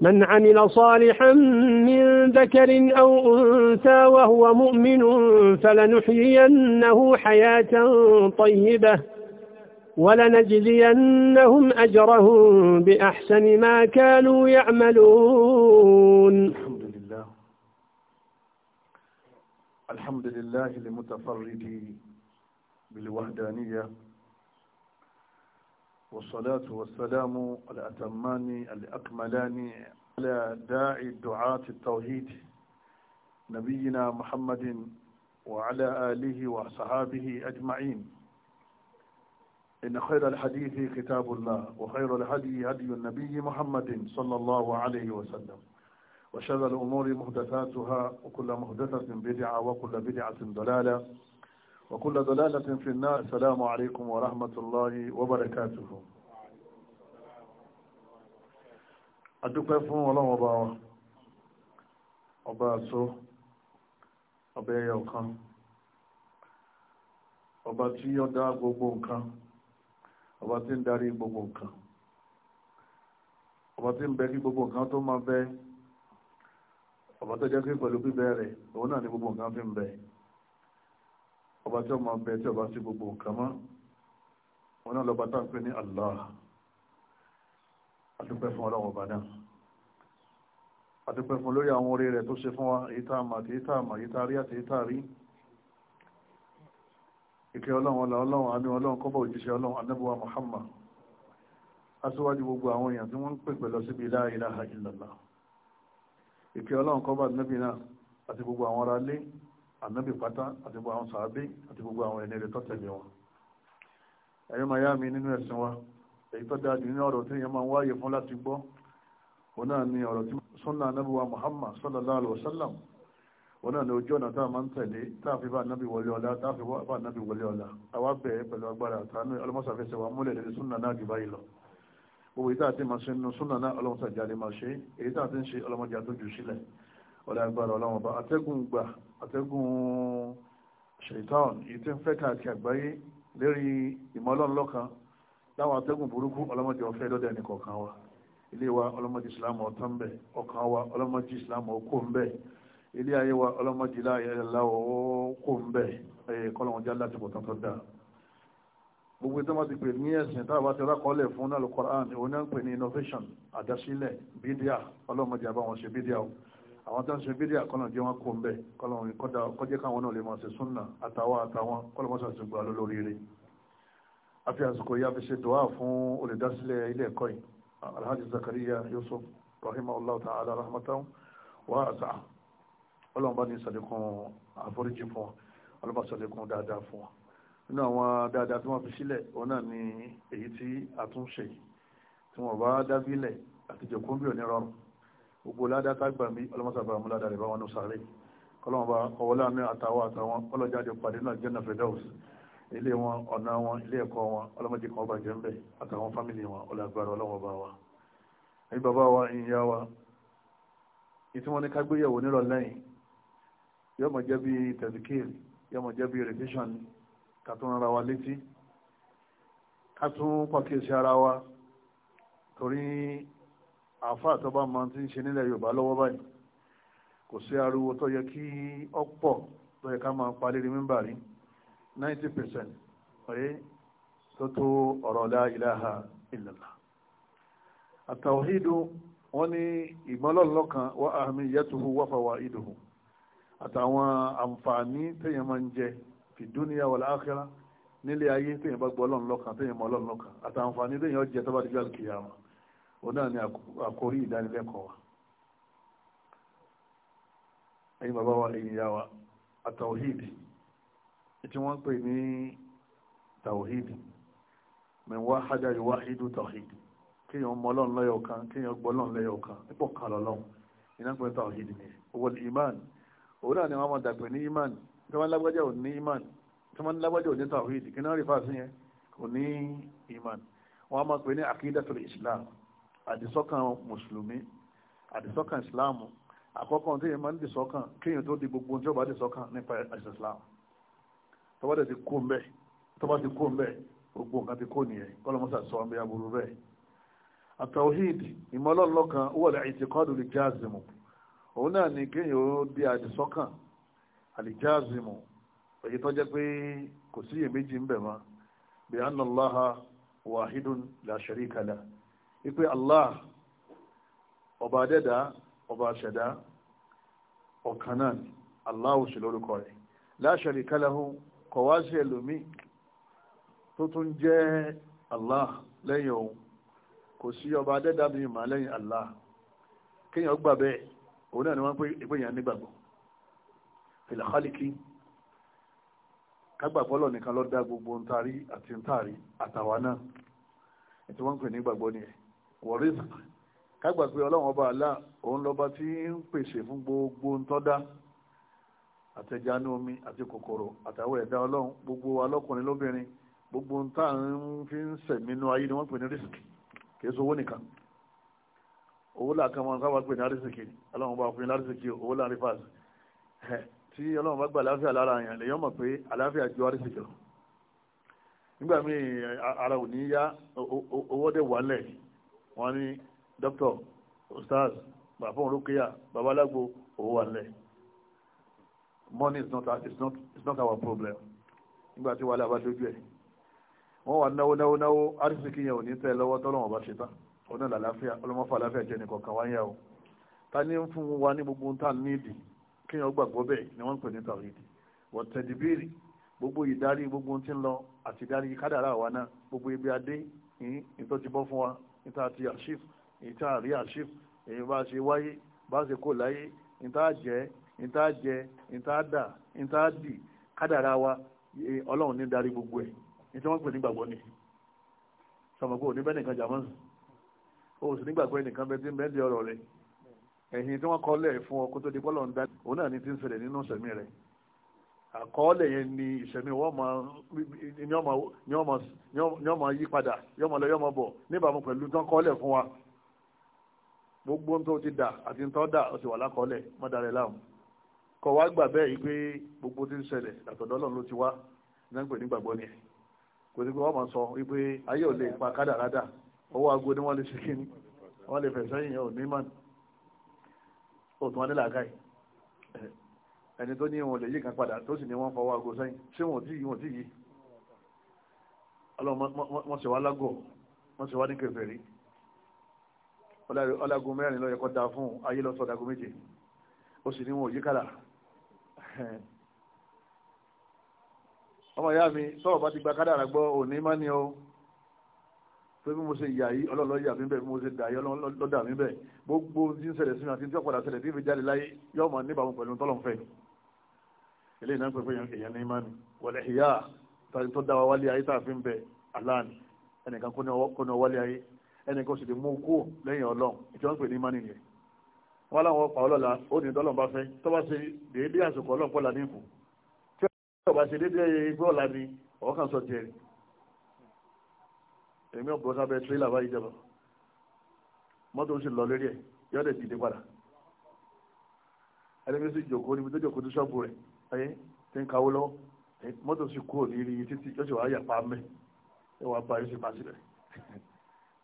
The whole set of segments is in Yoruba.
من عمل صالحا من ذكر أو أنثى وهو مؤمن فلنحيينه حياة طيبة ولنجزينهم أجرهم بأحسن ما كانوا يعملون الحمد لله الحمد لله لمتفرد بالوحدانية والصلاة والسلام الأتمان الأكملان على داعي دعاة التوحيد نبينا محمد وعلى آله وصحابه أجمعين إن خير الحديث كتاب الله وخير الهدي هدي النبي محمد صلى الله عليه وسلم وشر الأمور مهدثاتها وكل مهدثة بدعة وكل بدعة ضلالة وكل ضلالة في النار السلام عليكم ورحمة الله وبركاته أدوك فون ولا وبا أبا سو أبا يوكم ọba tí ó dá gbogbo nǹkan ọba tí gbogbo nǹkan ọba tí gbogbo bẹ gbogbo fi ọba tí ó máa bẹ tí ọba sí gbogbo nǹkan mọ́ wọn náà lọ́ba táwọn pé ní Allah adúpẹ́ fún ọlọ́run ọba náà adúpẹ́ fún lórí àwọn orí rẹ̀ tó ṣe fún wa èyí tá a mà àti èyí tá a mà èyí tá a rí àti èyí tá a rí ìkẹ́ ọlọ́run ọlá ọlọ́run àmì ọlọ́run kọ́bọ̀ òjíṣẹ́ ọlọ́run anábùwà Muhammad aṣíwájú gbogbo àwọn èèyàn tí wọ́n ń pèpè lọ síbi la ilaha illallah ànábì pátá àti gbogbo àwọn sàábé àti gbogbo àwọn ẹni rẹ̀ tó tẹ̀lé wọn ẹ̀yọ́ máa yá mi nínú ẹ̀sìn wa èyí tó dáa jù nínú ọ̀rọ̀ tí èèyàn máa ń wáyé fún láti gbọ́ òun náà ni ọ̀rọ̀ tí sunna ànábì wa Muhammad sallallahu alaihi wasallam òun náà ni ojú ọ̀nà tá a máa ń tẹ̀lé tá a fi bá ànábì wọlé ọ̀la tá a fi bá ànábì wọlé ọ̀la àwa bẹ̀ pẹ̀lú agbára àtàánú ọlọ́mọsàfẹsẹ̀ wa múlẹ̀ lórí sunna náà jù báyìí lọ gbogbo ìta àti màṣẹ nínú sunna náà ọlọ́mọsàjáde màṣẹ èyí tá a ti ń ṣe ọlọ́mọdé àtúnjù sílẹ̀ ọ̀la agbára ọlọ́mọba atẹ́gùn gbà atẹ́gùn ṣèitán èyí tí ń fẹ́ káàkiri àgbáyé lérí ìmọ̀lọ́nlọ́kan láwọn atẹ́gùn burúkú ọlọ́mọdé ọ̀fẹ́ lọ́dẹ ẹnìkọ̀ọ̀kan wa ilé wa ọlọ́mọdé ìsìlámù ọ̀tọ́ ń bẹ̀ ọkàn wa ọlọ́mọdé ìsìlámù ọkọ̀ ń bẹ̀ ilé ayé wa ọlọ́mọdé láyẹ̀lá ọkọ̀ ń bẹ̀ kọ́lọ́wọ́n já láti bọ̀tán tó dáa gbogbo ìtọ́mọ̀ innovation àdásílẹ̀ bídíà ọlọ́mọdé àbáwọn ṣe àwọn tó ń ṣe bídíà kọ́nà jẹ́ wọn kó ń bẹ̀ kọ́jẹ́ káwọn náà lè máa ṣe súnà àtàwọn àtàwọn kọ́lọ́mọ́sà ti gbà lólórí rẹ̀ àfi àsìkò yìí a fi ṣe dùwà fún olùdásílẹ̀ ilé ẹ̀kọ́ yìí alhaji zakariya yusuf rahimahullah ta'ala rahmatan wa asa ọlọ́run bá ní ìsàlẹ̀kùn àforíjì fún wa ọlọ́run bá sàlẹ̀kùn dáadáa fún wa nínú àwọn dáadáa tí wọ́n fi sílẹ̀ òun náà ni èyí tí àtúnṣe tí wọ́n bá dábílẹ̀ àtijọ́kùnbí ò ní rọrùn gbogbo ládá tágbà mí ọlọ́mọsàbà múládà rẹ̀ bá wọn sáré kọlọ́mọba ọwọ́lá mi àtàwọn àtàwọn ọlọ́jáde pàdé náà jẹ́nà fẹ́dáùs ilé wọn ọ̀nà wọn ilé ẹ̀kọ́ wọn ọlọ́mọdé kan ọba jẹ́ ńbẹ̀ àtàwọn fámìlì wọn ọlọ́gbàrá ọlọ́mọba wa ẹ̀yin bàbá wa ẹ̀yin ìyá wa ìtí wọn ní kágbéyẹ̀wò nírọ̀ lẹ́yìn yọmọ jẹ́ bí tẹ̀síkìl yọmọ jẹ́ bí rẹ̀tíṣàn kàtún ara wa létí kàtún pàkíyèsí ara àáfàá tó bá máa ti ń ṣe nílẹ̀ yorùbá lọ́wọ́ báyìí kò sí ariwo tó yẹ kí ọ̀pọ̀ tó yẹ ká máa parí rí mímbà rí ninety percent ọ̀yẹ́ tó tó ọ̀rọ̀ la ilaha illallah àtàwọ̀hídù wọ́n ní ìgbọ́nlọ́lọ́kan wa ahmiyatuhu wa fawaiduhu àtàwọn àǹfààní téèyàn máa ń jẹ fi dúníyà wal nílé ayé téèyàn bá gbọ́ ọlọ́run lọ́kàn téèyàn mọ́ ọlọ́run lọ́kàn àtàǹfààní téèyàn jẹ tó bá di gbàlùkìyàmọ́ òun náà ni àkórí ìdánilẹ́kọ̀ọ́ wa ẹ̀yin bàbá wa ẹ̀yin ìyá wa àtàwọ̀hídì tí wọ́n pè ní tàwọ̀hídì mẹ́wàá hajjáyí wáhídù tàwọ̀hídì kí yàn mọ́lọ́n lẹ́yọ̀ kan kí yàn gbọ́lọ́n lẹ́yọ̀ kan ipò kan lọ́lọ́run iná pẹ̀lú tàwọ̀hídì ni owó iman òun náà ni wọ́n máa dàgbẹ̀ ní iman tí wọ́n lágbájá ò ní iman tí wọ́n lágbájá ò ní tàwọ̀hídì kí máa pè ní àkídàtul islam àdìsọ́kàn mùsùlùmí àdìsọ́kàn ìsìláàmù àkọ́kọ́ tí èèyàn máa ń dìsọ́kàn kéèyàn tó di gbogbo tí ó bá dìsọ́kàn nípa àṣìṣe ìsìláàmù tó bá ti kó mbẹ́ tó bá ti kó mbẹ́ gbogbo nǹkan ti kó nìyẹn kọ́lọ́mọ́sà sọ ọ́n bí aburú bẹ́ẹ̀ àtàwíìdì ìmọ̀lọ́lọ́kan wọ́n lè ìtìkọ́dù lè jáàzìmù òun náà ni kéèyàn ó di àdìsọ́kàn wípé Allah ọba adẹ́dá ọba àṣẹ̀dá ọ̀kan náà ni Allah ò sí lórúkọ rẹ̀ la sharika lahu kọ̀ wá sí ẹlòmí tó tún jẹ́ Allah lẹ́yìn kò sí ọba adẹ́dá mi mà lẹ́yìn Allah kéèyàn gbà bẹ́ẹ̀ òun náà ni wọ́n pé ìpéyàn nígbàgbọ́ fil khaliki nìkan ló gbogbo ntari àti náà wọ́n pè wọ̀rísì kágbà pé ọlọ́run ọba àlá òun lọ́ba tí ń pèsè fún gbogbo ń tọ́dá àtẹjánu omi àti kòkòrò àtàwọn ẹ̀dá ọlọ́run gbogbo alọ́kùnrin lóbìnrin gbogbo ń tà ń fi ń sẹ̀mínú ayé ni wọ́n pè ní rísìkì kìí sọ owó nìkan owó làkàn máa ń sábà pè ní arísìkì ọlọ́run bá fún yín lárísìkì owó láàrin fàṣ tí ọlọ́run bá gbà àlàáfíà lára yẹn lèyàn mọ̀ pé àlàáfíà ju arísìkì lọ nígbà míì ara ò ní yá owó dẹ̀ wà lẹ̀ wọ́n ní dókítọ̀ ustaz bàbá olókèyà bàbá alágbó owó wà lẹ̀ money is not, is not, is not our problem nígbà tí wàhálà bá dójú ẹ̀ wọ́n wà náwó náwó náwó arísìkí yẹn ò ní tẹ́ lọ́wọ́ tọ́lọ́wọ́n bá ṣe tán ọ̀nà làlàáfíà ọlọ́mọ́fà àlàáfíà jẹ́ nìkan kan wáyà o ta ní ń fún wa ní gbogbo tá nídìí kí wọ́n gbàgbọ́ bẹ́ẹ̀ ni wọ́n ń pè ní tàwídì wọ́n tẹ̀dìbìrì gbogbo ìdarí gbogbo tí ń lọ àti ìdarí kádàrá wa náà gbogbo ibi adé ní ìtọ́jú bọ́ fún wa níta ti àṣìf níta àrí àṣìf èyí bá ṣe wáyé bá ṣe kò láyé níta jẹ níta jẹ níta dà níta dì kádàrá wa ọlọ́run ní darí gbogbo ẹ̀ níta wọ́n pè nígbàgbọ́ ni sọmọgbọ́ ò ní bẹ́ẹ̀ nìkan jàmọ́ o sì nígbàgbọ́ ẹnìkan bẹ́ẹ̀ tí ń bẹ́ẹ̀ di ọ̀rọ̀ rẹ̀ ẹ̀yìn tí wọ́n kọ́ lẹ̀ fún ọ kó tó di bọ́lọ̀ ń dá òun náà ní ti ń ṣẹlẹ̀ nínú rẹ̀ àkọọ́lẹ̀ yẹn ni ìṣẹ̀mí wọ́n máa yọ́ máa yí padà yọ́ máa lọ yọ́ bọ̀ níbàámu pẹ̀lú tán kọ́ọ́lẹ̀ fún wa gbogbo tó ti dà àti tó dà ó ti wà lákọọ́lẹ̀ má darẹ̀ láàmú wá gbà bẹ́ẹ̀ yìí pé gbogbo ti ń ṣẹlẹ̀ àtọ̀dọ̀ Ọlọ́run ló ti wá ni kò ni wọ́n lè ṣe wọ́n lè fẹ̀ sẹ́yìn ní òtún adélàkàì ẹni tó ní ìwọ̀n lè yí kan padà tó sì ní wọ́n fọwọ́ ago sẹ́yìn ṣé wọ́n tí wọ́n tí yìí ọlọ́run ṣe wá lágọ̀ wọ́n ṣe wá ní kèfèrí ọlágun mẹ́rin lọ́yẹ kọ́ da fún ayé lọ́sọ̀ ọ̀dàgún méje ó sì ní wọn ò yí kàlà ọmọ ìyá mi sọ́ọ̀ bá ti gba kádàrà gbọ́ òní má ní o pé bí mo ṣe yà yí ọlọ́run lọ́yà mi bẹ́ẹ̀ bí mo ṣe dà yí ọlọ́run lọ́dà mi bẹ́ẹ̀ gbogbo tí ń ṣẹlẹ̀ sí mi àti tí ọ̀padà ṣẹlẹ̀ tí ìfi jáde láyé yọ̀ọ̀mọ̀ níbàmù pẹ̀lú tọ́lọ́mfẹ́ ilé ìná pẹ̀pẹ̀ èèyàn ní imáni wọlé ìyá tàbí tó dáwà wálé ayé tààfin bẹ aláàni ẹnìkan kó ní wálé ayé ẹnìkan sì ti mú kú lẹ́yìn ọlọ́run ìjọ ń pè ní imáni nìyẹn wọn láwọn ọpa ọlọ́la ó ní ìdọ́lọ́n bá fẹ́ tó bá ṣe déédé àsìkò ọlọ́run pọ́lá ní ìkù tí ó bá ṣe déédé ìgbé ọ̀la ni ọ̀kan sọ tiẹ̀ èmi ọ̀bùrọ̀ sábẹ́ tírélà bá ìjọba mọ́tò ń sì lọ lórí ẹ̀ yọ́dẹ̀ dìde padà ẹni mi sì jòkó níbi tó jòkó tó ṣọ́ọ̀bù rẹ̀ ẹ tí ń kawó lọ mọ́tò sì kúrò ní irin títí yóò sì wá yàpá mẹ́ ẹ wàá bá yóò sì máa sílẹ̀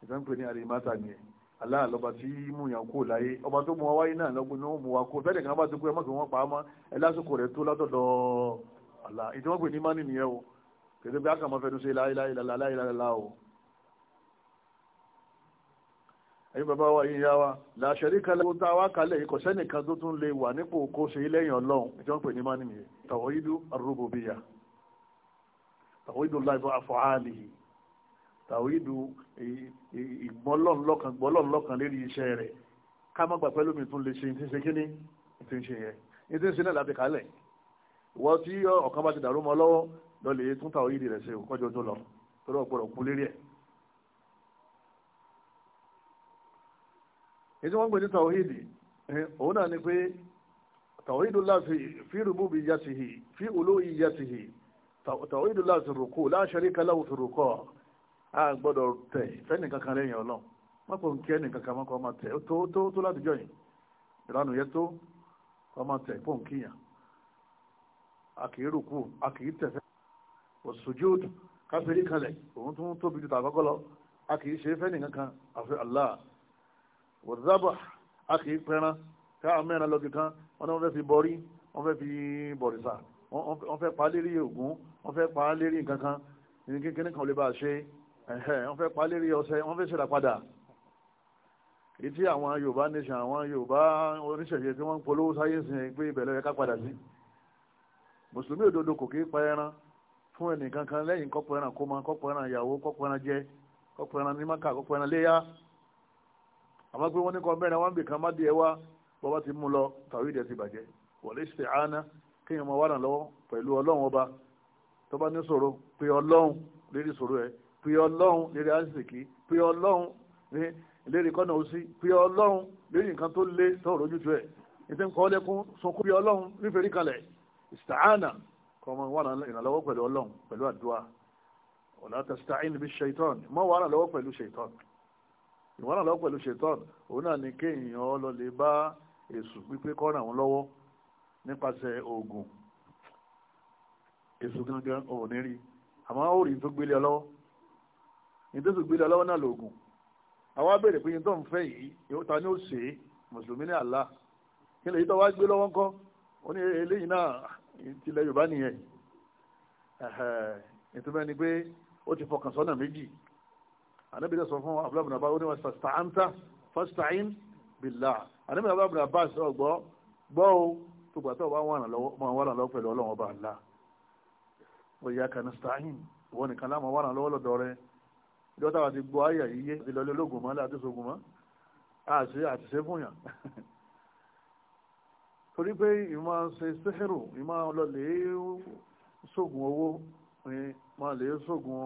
ìtàn pè ní àrímáta ni aláà lọ́ba tí mú yàn kó láyé ọba tó mú wa wáyé náà lọ́gbọ́n ní ó mú wa kó bẹ́ẹ̀ nìkan bá ti kú ẹ mọ́tò wọn pa á mọ́ ẹ lásìkò rẹ̀ tó látọ̀dọ̀ àlà ìtàn pè ní mánì nìyẹn o kèdè bí a kà máa fẹnu ṣe láyé láyé láyé láyé láyé o. ẹ̀yin bàbá wa yìí yá wa làṣẹrí kan lẹ́wọ́ tá a wá kalẹ̀ yìí kò sẹ́nìkan tó tún lè wà nípò kó ṣe lẹ́yìn ọlọ́run ìjọ ń pè ní mánìmí tàwọ́yídú arúgbòbíyà tàwọ́yídú láìpẹ́ àfọ̀hálì tàwọ́yídú ìgbọ́lọ́nlọ́kan gbọ́lọ́nlọ́kan lérí iṣẹ́ rẹ̀ ká má gbà pẹ́lú mi tún lè ṣe ìtúnṣe kíní ìtúnṣe yẹn ìtúnṣe náà láti kalẹ̀ ìwọ tí ọ̀kan bá ti dàrú mọ́ lọ́wọ́ lọ èyí tí wọ́n ń pè ní tàwíìdì eh, òun náà ni pé tàwíìdùlá fi rububiyyatihi fi uluhiyyatihi tàwíìdùlá fi rúkú la sharika lahu fi rúkú a gbọ́dọ̀ tẹ̀ fẹ́ni kankan lẹ́yìn ọlọ́run mọ́pọ̀ ń kẹ́ nìkan kan mọ́kọ́ máa tẹ̀ tó tó tó láti jọ yìí ìlànà yẹn tó kọ́ máa tẹ̀ pọ̀ ń kíyàn a kì í rúkú a kì í tẹ̀fẹ́ òsùjúdù káfíńkálẹ̀ òun tún tóbi ju tàbákọ́ lọ a kì ṣe fẹ́ni kankan àfi Allah wòzábà a kì í pẹran káà mẹ́rin lọ́gì kan wọ́n ní wọ́n fẹ́ fi bọrí wọ́n fẹ́ fi bọ̀rìṣà wọ́n fẹ́ pa lérí ògún wọ́n fẹ́ pa lérí nǹkan kan ní kíkíní kan lè bá a ṣe wọ́n fẹ́ pa lérí ọṣẹ wọ́n fẹ́ ṣẹlẹ̀ padà èyí tí àwọn Yorùbá nation àwọn Yorùbá oníṣẹ̀ṣe tí wọ́n ń polówó sáyé sìn pé ìbẹ̀lẹ̀ ká padà sí mùsùlùmí òdodo kò kí pa ẹran fún ẹnìkan kan lẹ́yìn kọ́pọ̀ ẹran kó máa kọ́pọ̀ ẹran ìyàwó kọ́pọ̀ ẹran jẹ kọ́pọ̀ ẹran nímàkà kọ́pọ̀ ẹran léyà àmọ́ pé wọ́n ní kan mẹ́rin wọ́n ń bì kan má díẹ̀ wá bọ́bá ti mú lọ tàwí ìdẹ̀ ti bàjẹ́ wọlé ṣe àánà kéèyàn máa wà ràn lọ́wọ́ pẹ̀lú ọlọ́run ọba tó bá ní sọ̀rọ̀ pé ọlọ́run lérí sọ̀rọ̀ ẹ̀ pé ọlọ́run lérí àṣìkí pé ọlọ́run lérí kọ́nà òsì pé ọlọ́run lérí nǹkan tó lé sọ̀rọ̀ ojútu ẹ̀ ètò ń kọ́ lẹ́kún sunkún bí ọlọ́run nífẹ̀rí kalẹ̀ ìsàánà ìwọ́n náà lọ́wọ́ pẹ̀lú ṣetán òun náà ni kéèyàn lọ lè bá èsù pípé lọ́wọ́ nípasẹ̀ oògùn èsù gangan òun ní rí àmọ́ ó rí tó gbélé ọlọ́wọ́ tó gbélé ọlọ́wọ́ náà lóògùn àwa pé fẹ́ yìí ta ni ó ṣe é mùsùlùmí ní àlá kí lè yí tó wá gbé lọ́wọ́ ńkọ́ ó ní anábìlẹ sọ fún abúlábùn abá ó ní wọn sàstàáńtà fásitàín bìlà anábìlẹ abúlábùn abá sọ gbọ́ gbọ́ o tó gbà tó bá wọn wà lọ pẹ̀lú ọlọ́run ọba àlá ó yá kan sàtàín ìwọ nìkan láwọn wà lọ́wọ́ lọ́dọ̀ rẹ ìjọ táwọn ti gbọ́ ayà yíyé ìlọlẹ́ ológun mọ́ láti sógun mọ́ àti àtìsẹ́ fún yàn torí pé ìmọ̀ ṣe sẹ́hẹ̀rù ìmọ̀ lọ́lẹ̀ sógun owó ìmọ̀ lè sógun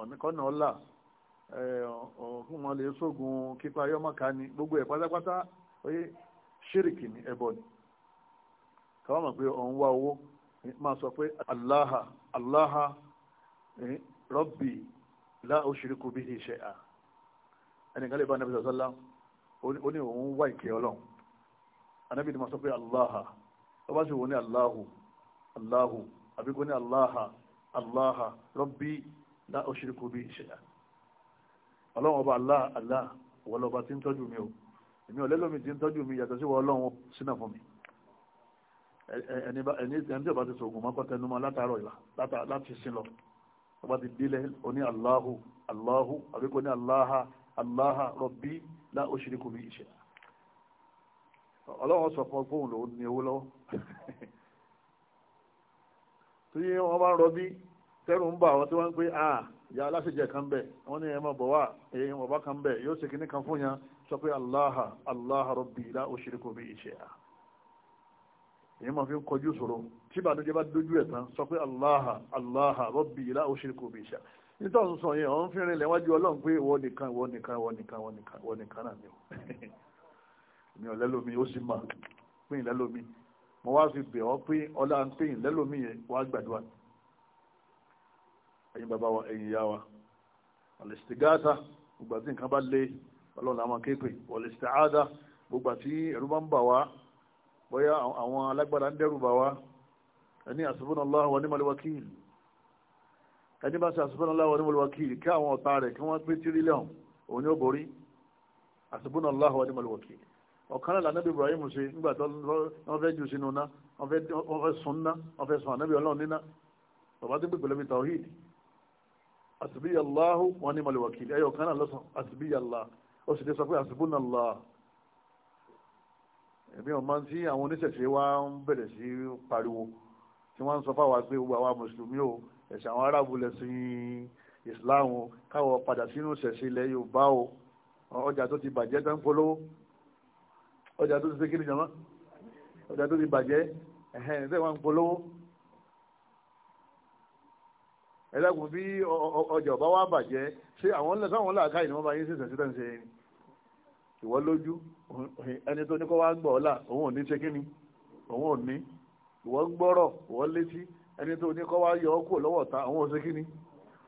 ọ̀nìkọ́nà ọ̀la ọ̀hún eh, wọn lè sógun kípa ayọ́mọ́ka ni gbogbo ẹ̀ pátápátá oye ṣírìkì ni ẹbọ ni káwọn mọ̀ pé òun wá owó máa sọ pé aláha aláha eh, rọ́bì lá ushriku bihi shay'a ẹnìkan lè bá ó ní òun wá ìkẹ́ ọlọ́run anábì ni máa sọ pé aláha ó bá sì ní aláhu aláhu àbíkó ní aláha aláha lá ọlọ́run ọba Allah Allah ìwọ lọ́ba tí ń tọ́jú mi o èmi ò lẹ́lọ́mi tí ń tọ́jú mi yàtọ̀ sí wọ ọlọ́run sínà fún mi ẹni tí ọba ti sọ̀gùn mọ́kọ́ tẹnumọ́ látàárọ̀ ìlà láti sin lọ ọba ti dílẹ̀ oní Allahu Allahu àbíkó ní Allaha Allaha Rabbi la ushriku bihi shay'a ọlọ́run sọ fún ọgbóhùn lòun ní owó lọ́wọ́ tí wọ́n bá ń tẹ́rù ń bà wọ́n tí wọ́n ń pè áà ah, ìyá aláṣẹjẹ kan bẹ wọn ní ẹmọ bọwá èèyàn bàbá kan bẹ yóò ṣe kíní kan fún yẹn sọ pé aláha aláha rọbì ilá bí iṣẹ fi kọjú sọ̀rọ̀ tí ìbànújẹ́ bá dojú ẹ tán sọ pé aláha aláha rọbì ilá òṣèlékò bí iṣẹ nítorí wọn sọ yẹn wọn fi rin lẹwájú Ọlọ́run pé wọn nìkan wọn nìkan wọn nìkan wọn nìkan wọn nìkan náà ni o mi ò lẹ́lómi ó sì mà pín mo wá fi bẹ̀ ọ́ pé ọlá ń pín yẹn gbàdúrà ẹ̀yin bàbá wa ẹ̀yin ìyá wa alẹ́sìtìgáàtà gbogbo àti nǹkan bá lé ọlọ́run làwọn kéèpè ọlẹ́sìtìáàdà gbogbo àti ẹ̀rú bá ń bà wá bóyá àwọn alágbára ń dẹ́rù bà wá ẹni hasbunallahu wa ni'mal wakil ẹni bá ṣe hasbunallahu wa ni'mal wakil kí àwọn ọ̀tá rẹ̀ kí wọ́n pé tírílíọ̀n òun ni ó borí hasbunallahu wa ni'mal wakil ọ̀kan náà lànàbí Ibrahim ṣe nígbà tó àsìbíyàláhù wọn ní mọ̀lẹ̀wọ̀kì ẹyọ kan náà lọ́sàn àsìbíyàlá ó sì lè sọ pé àsìbúnàlá ẹ̀mí ọ̀ma tí àwọn oníṣẹ̀ṣe wa ń bẹ̀rẹ̀ sí pariwo tí wọ́n ń sọ fáwa pé gbogbo àwa mùsùlùmí o ẹ̀sìn àwọn aráàbù lẹ́sìn islam o káwọ padà sínú ṣẹ̀ṣe ilẹ̀ yorùbá o ọjà tó ti bàjẹ́ tó polówó ọjà tó ti ṣe kí ni jàmá ọjà tó ti bàjẹ́ ẹ̀hẹ́n ẹlẹ́gùn bí ọjà ọba wa bàjẹ́ ṣé àwọn lẹ́sọ̀ àwọn làákà yìí ni wọ́n bá yín sísẹ̀ sísẹ̀ ń ṣe ni ìwọ lójú ẹni tó ní kó wá gbọ́ ọ̀la òun ò ní ṣe kíni òun ò ní ìwọ gbọ́rọ̀ ìwọ létí ẹni tó ní kó wá yọ ọ́ kúrò lọ́wọ́ ta òun ò ṣe kíni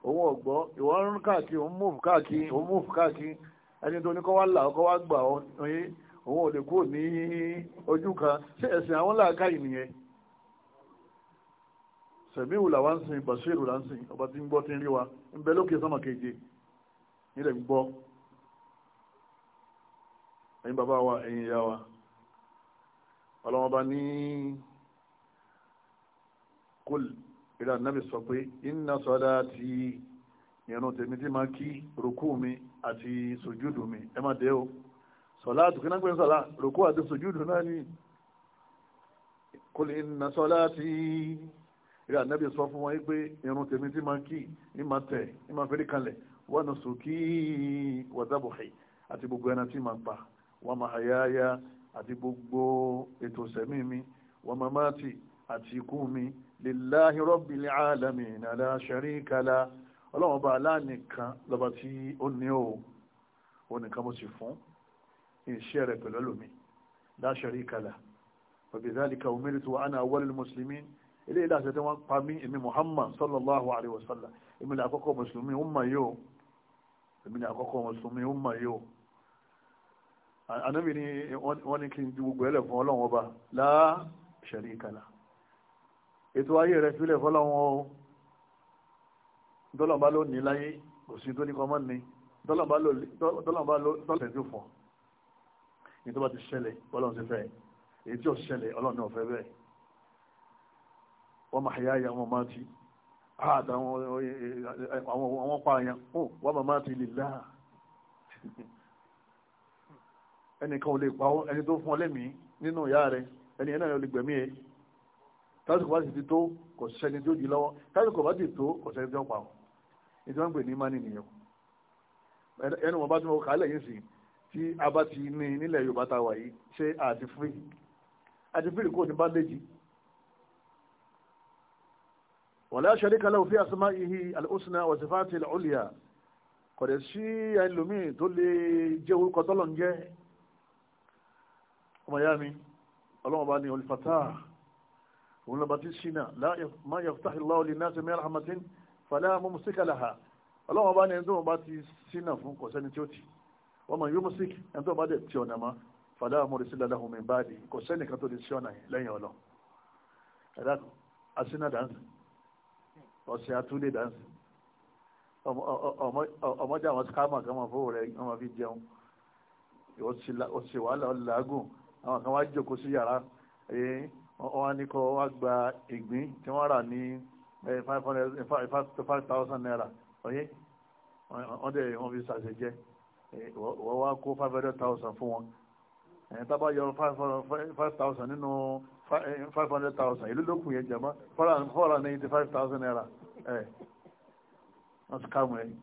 òun ò gbọ́ ìwọ ń káàkiri òun múùfù káàkiri òun múùfù káàkiri ẹni tó ní kó wá là ọ́ kó wá gbà ọ́ òun ò lè kúrò ní ojú kan ṣé ẹ̀sìn àwọn làákà yìí nìyẹn sẹ̀mí ìwòlà wa ń sìn bàṣírù là ń sìn ọba tí ń gbọ́ tí ń rí wa ń bẹ lókè sọ́mà keje nílẹ̀ ń gbọ́ ẹ̀yin bàbá wa ẹ̀yin ìyá wa ọlọ́wọ́n bá ní kúl ìlà nàbì sọ pé inna salati ìrun tèmi tí máa kí rukú mi àti sojúdù mi ẹ má dé o sọláàtù kí náà pé sọlá rukú àti sojúdù náà ní kúl inna salati ìrẹ́ ànábì sọ fún wọn pé irun tèmi tí máa ń kí ní máa tẹ̀ ní máa fẹ́rí kalẹ̀ wọ́n nà sókí wàdàbọ̀hì àti gbogbo ẹran tí máa ń pa wọ́n máa hayáyá àti gbogbo ètò ìsẹ̀mí mi wọ́n máa máa tì àti ikú mi lillahi rabbil alamin la sharika la ọlọ́wọ́n bá aláàníkan lọ́ba tí ó ní o ó nìkan mo sì fún iṣẹ́ rẹ̀ pẹ̀lú ẹlòmíì la sharika la wa bi dhalika umirtu wa ana awwalul eléyìí láti tí wọ́n pa mí èmi Muhammad sallallahu alayhi wa sallam èmi ni àkọ́kọ́ mùsùlùmí ummah yóò èmi ni àkọ́kọ́ mùsùlùmí ummah yóò anábì ni wọ́n ní kí n ju gbogbo ẹlẹ̀ fún ọlọ́run ọba la sharika lah ètò ayé rẹ̀ fílẹ̀ fọlọ́run o dọ́lọ́ba ló ní láyé kò sí tó ní kọ́mọ́ ní dọ́lọ́ba ló tọ́lẹ̀ tó fọ́ ní bá ti ṣẹlẹ̀ ọlọ́run ti fẹ́ èyí ṣẹlẹ̀ ọlọ́run náà fẹ́ bẹ́ẹ̀ wa mahyaya wa mamati àtàwọn àwọn pààyàn ó wa mamati lillah ẹnìkan ò lè pa ẹni tó fún ọ lẹ́mìí nínú ìyá rẹ ẹni ẹ̀ náà lè gbẹ̀mí ẹ tásìkò bá sì ti tó kò sẹ́ni tó di lọ́wọ́ tásìkò bá sì tó kò sẹ́ni tó pa ọ́ ètò wọn gbè ní mání nìyẹn ẹnu wọn bá tún wọn kàálẹ̀ yìí sí tí a bá ti ní nílẹ̀ Yorùbá ta wà yìí ṣé àti fúri kò ní bá léjì wala sharika lahu fi asma'ihi al-husna wa sifatihi al-ulya kọ̀dẹ̀ sí ẹlòmíì tó lè jẹ́ orúkọ tọ́lọ̀ ń jẹ́ ọmọ ìyá mi ọlọ́wọ́ bá ní olùfàtà òun lọ́ba tí ṣínà ma yaftahi Allahu linnasi min rahmatin fala mumsika laha ọlọ́wọ́ bá ní ẹni tó bá ti ṣínà fún kọ̀sẹ́ni tí ó ti wọ́n mọ̀ yumsik ẹni tó bá dẹ̀ tí ọ̀nà ma fala mursila ọ̀sẹ̀ àtúndé dánsì ọmọdé àwọn skáàmà kan máa fowó rẹ̀ wọ́n máa fi jẹun ọ̀sẹ̀ wàhálà ọ̀làágùn àwọn kan wá jókòó sí yàrá wọ́n ní kọ́ wá gba ìgbín tí wọ́n rà ní five thousand naira ọ̀yẹ́ wọ́n dẹ̀ wọ́n fi ṣàṣejẹ́ wọ́n wá kó five hundred thousand fún wọn ẹ̀yìn tábà yọ five thousand nínú five eh, hundred thousand ìlú ló kù yẹn jẹ̀mọ́ four hundred five thousand naira ẹ̀ eh, wọ́n ti kàmù ẹ̀yìn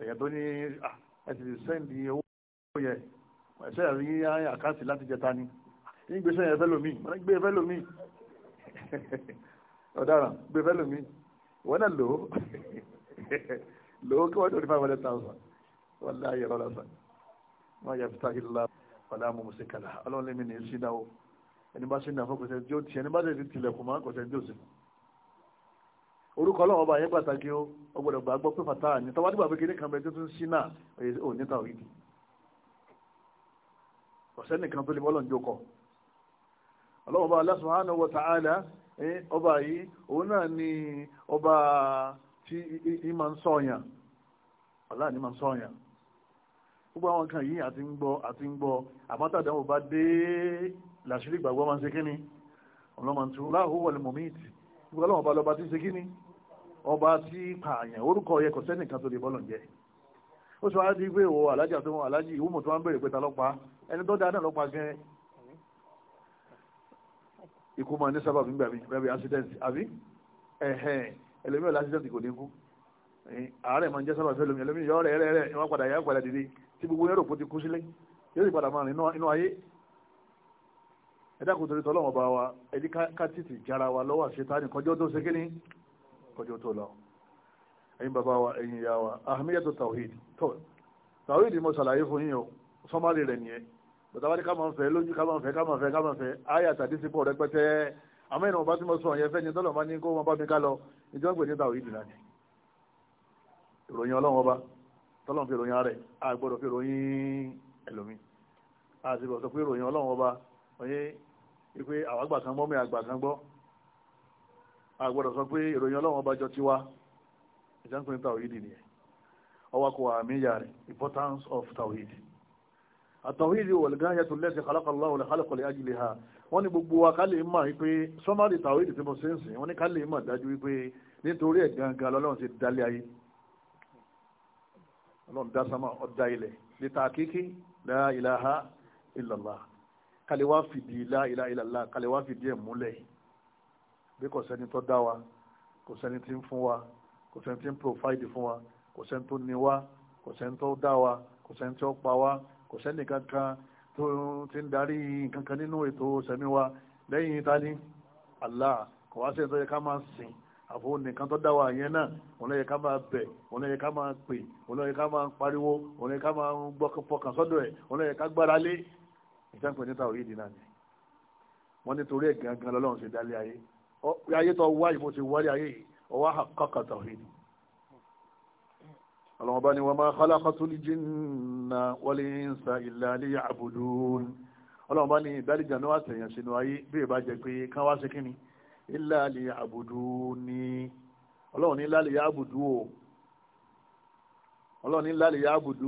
ẹ̀yà tó ní ah, ẹ̀ ti sẹ́ndì owó yẹ ẹ̀ṣẹ́ rí ni ní gbèsè yẹn fẹ́ lómi gbé e fẹ́ lómi ọ̀daràn gbé e fẹ́ lómi wọ́n náà lò ó lò ó kí wọ́n yà fi táyé lọ́la padà mú sí kàlà ọlọ́run lèmi ní sínú o ẹni bá sínú àfọkù sẹ́ni tí ó tiẹ̀ ẹni bá tẹ̀sí tilẹ̀kùn máa ń kọ̀ sẹ́ni tí ó sì. orúkọ ọlọ́run ọba yẹn pàtàkì ó ọgbọ́dọ̀ gbà gbọ́ pé fàtà ní tọ́wọ́ dìgbà pé kíní kan bẹ tuntun sínà ò ní tàwí. ọ̀sẹ́ nìkan tó lè mọ́ ọlọ́run jókòó ọlọ́run ọba Allah subhanahu wa ta'ala ọba yìí òun náà ni ọba tí ìmọ̀ ń sọ̀yàn gbogbo àwọn kan yìí àti ń gbọ́ àti ń gbọ́ àmọ́tàdánwò bá dé làṣírí ìgbàgbọ́ máa ń ṣe kíní ọlọ́mọ̀tú láhùú wọlé mọ̀míìtì gbogbo ọlọ́mọ̀ bá lọ́ba tí ń ṣe kíní ọba tí pààyàn orúkọ yẹ kò sẹ́nìkan tó lè bọ́lọ̀ jẹ́ ó sọ wáyé pé ní sábà gbígbà mi rẹ́bi accident àbí ẹ̀hẹ̀n ẹlòmíràn accident kò ní kú àárẹ̀ máa ń jẹ́ sábà fẹ́ lómi ẹlòmíràn yọ ọ̀rẹ́ rẹ̀ rẹ̀ wọ́n padà yà padà dìde tí gbogbo yẹn rò pé ó ti kú sílẹ̀ yóò sì padà máa rìn inú ayé ẹ̀dá kò torí tọ́lọ́wọ́n bá wa ẹ̀dí kátìtì jára wa lọ́wọ́ àṣetáni kọjọ́ tó ṣe kíní kọjọ́ tó lọ ẹ̀yin bàbá wa ẹ̀yin ìyá wa ahamiyatu tawhid tó tawhid mo ṣàlàyé fún yín o sọ́mọ́lì rẹ̀ nìyẹn bàtà wáyé ká máa ń fẹ́ lójú ká máa ń fẹ́ ká máa ń fẹ́ ká máa ń fẹ́ ayé àtàdé sípò rẹpẹtẹ àmọ́ ìnáwó bá tí mo sọ yẹn fẹ́ ni tọ́lọ́ bá ní kó wọn bá mi ká lọ ìjọ ìgbè tawhid náà ni ìròyìn ọlọ́wọ́n bá tọ́lọ́n fi ròyìn rẹ̀ a gbọ́dọ̀ fi ròyìn ẹlòmí a sì bọ̀ sọ pé ròyìn ọlọ́run ọba oye wípé àwọn àgbà kan gbọ́ mẹ́ àgbà kan gbọ́ a gbọ́dọ̀ sọ pé ìròyìn ọlọ́run ọba jọ tiwa ìjánpin tawhid nìyẹn ọwọ́ kò àmìyà rẹ̀ importance of tawhid àtàwídì wọ̀lgán yẹtù lẹ́sẹ̀ kàlákàlá wọ̀lẹ̀ kálẹ̀kọ̀lẹ̀ ajílẹ̀ ha wọ́n ní gbogbo wa kálẹ̀ mọ̀ wípé sọ́mọ́dì tàwídì tí mo ṣe ń sìn wọ́n ní kálẹ̀ mọ̀ dájú wípé nítorí ẹ̀ gangan lọ́lọ́run ti dálé ayé ọlọ́run dá sámà ọ̀dá ilẹ̀ lẹ́tà àkíkí la ilaha illallah kàlẹ́wà fìdí la ilaha illallah kàlẹ́wà fìdí ẹ̀ múlẹ̀ bí kò sẹ́ni tó dá wa kò sẹ́ni tí ń fún wa kò sẹ́ni tí ń provide fún wa kò sẹ́ni tó ní wa kò sẹ́ni tó dá wa kò sẹ́ni tó pa wa kò sẹ́ni kankan tó ti ń darí kankan nínú ètò sẹ́mi wa lẹ́yìn ìtàlí Allah kò wá sí tó yẹ ká máa sìn àfọwọ́ nìkan tó dáwà yẹn náà òun lẹ́yìn ká máa bẹ̀ òun lẹ́yìn ká máa pè òun lẹ́yìn ká máa pariwo òun lẹ́yìn ká máa fọkàn sọ́dọ̀ ẹ̀ òun lẹ́yìn ká gbára lé ìjànpẹ̀ níta òye dì ni wọ́n ní torí ẹ̀ gangan lọ́lọ́run ṣe dálé ayé ayé tó wá ìbò ṣe wárí ayé ọwọ́ àkọ́kọ́ tàwé ni ọlọ́run bá ní wa ma khalaqatul jinna wal insa illa liya'budun ọlọ́run bá ní ìdálẹ́jà náà wà tẹ̀yàn sínú ayé bí ìbá jẹ pé káwá ṣe kíni ilá abudu ni ọlọ́run ní abudu o ọlọ́run ní ilá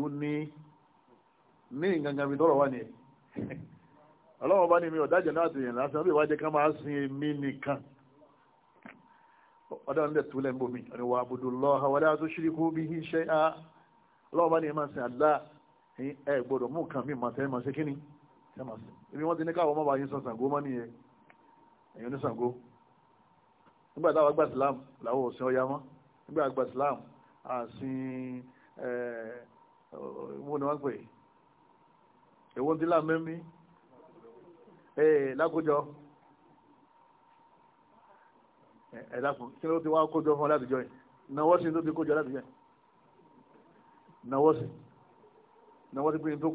ni ní ìgangan mi tọrọ wà ní ọlọ́run bá ní mi ọ̀dájẹ̀ náà ti yàn lásán bí ìwádìí kan máa sin èmi nìkan ọ̀dọ́ ní ẹ̀túlẹ̀ ń bò ọ̀rẹ́ wa àbùdù lọ àwọn adájọ́ tó ṣírí kú bí iṣẹ́ a. ọlọ́run bá ní ẹ̀má sin àdá ẹ gbọ́dọ̀ mú nǹkan mi màá tẹ́ màá ṣe kíni ibi wọ́n ti ní káwọn ọmọ bá yín sàn mọ́ nìyẹn ní nígbà táwọn àgbà islam làwọn ò sin ọya mọ́ nígbà àgbà islam àsìn ẹ̀ẹ́dẹ́gbọ́n ni wọ́n pè é èwo ń dílà mẹ́mí lákòjọ ẹ̀dàkùn kí ló ti wá kójọ fún látijọ́ yìí nawọ́sí tó ti kójọ látijọ́ yìí nawọ́sí nawọ́sí pé tó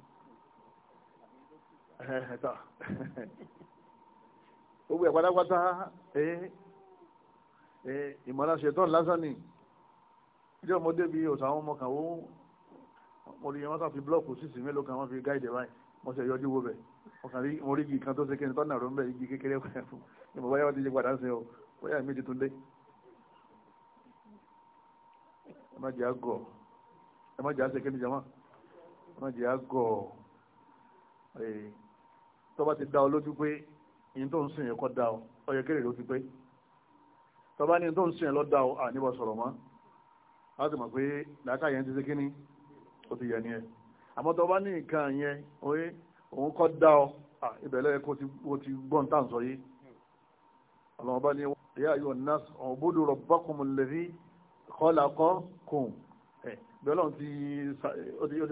gbogbo ẹ̀ pátápátá ìmọ̀lá ṣetán lásán ni ilé ọmọdé bíi ọ̀sán àwọn ọmọ kan ó mo rí wọn sáfi blọọkù sísì mélòó kan wọn fi gáìdì báyìí mo ṣe yọjú wo bẹ ọkàn rí mo rí igi kan tó ṣe kí ni tọ́nà rò ń bẹ igi kékeré kan fún ni mo báyà wọn ti ṣe padà ń sin o bóyá mi ti tún dé. ẹ má jẹ́ àgọ̀ ẹ má jẹ́ àṣekẹ́ni jama ẹ má jẹ́ àgọ̀ tọ́ba ti dá ọ lójú pé ìyẹn tó ń sìn yẹn kọ́ dá ọ ọ yẹ kéré ló ti pé tọba ní tó ń sìn lọ́dà ọ àníbọ̀ sọ̀rọ̀ mọ́ a sì mọ̀ pé làákà yẹn ti ṣe kíní ó ti yẹ ni ẹ àmọ́ tọba ní nǹkan yẹn oye òun kọ́ dá ọ ìbẹ̀lẹ̀ kó ti gbọ́n tá à ń sọ yìí ọlọ́run bá ní ya ayyuhan nas ubudu rabbakumul ladhi khalaqakum bí ọlọ́run ti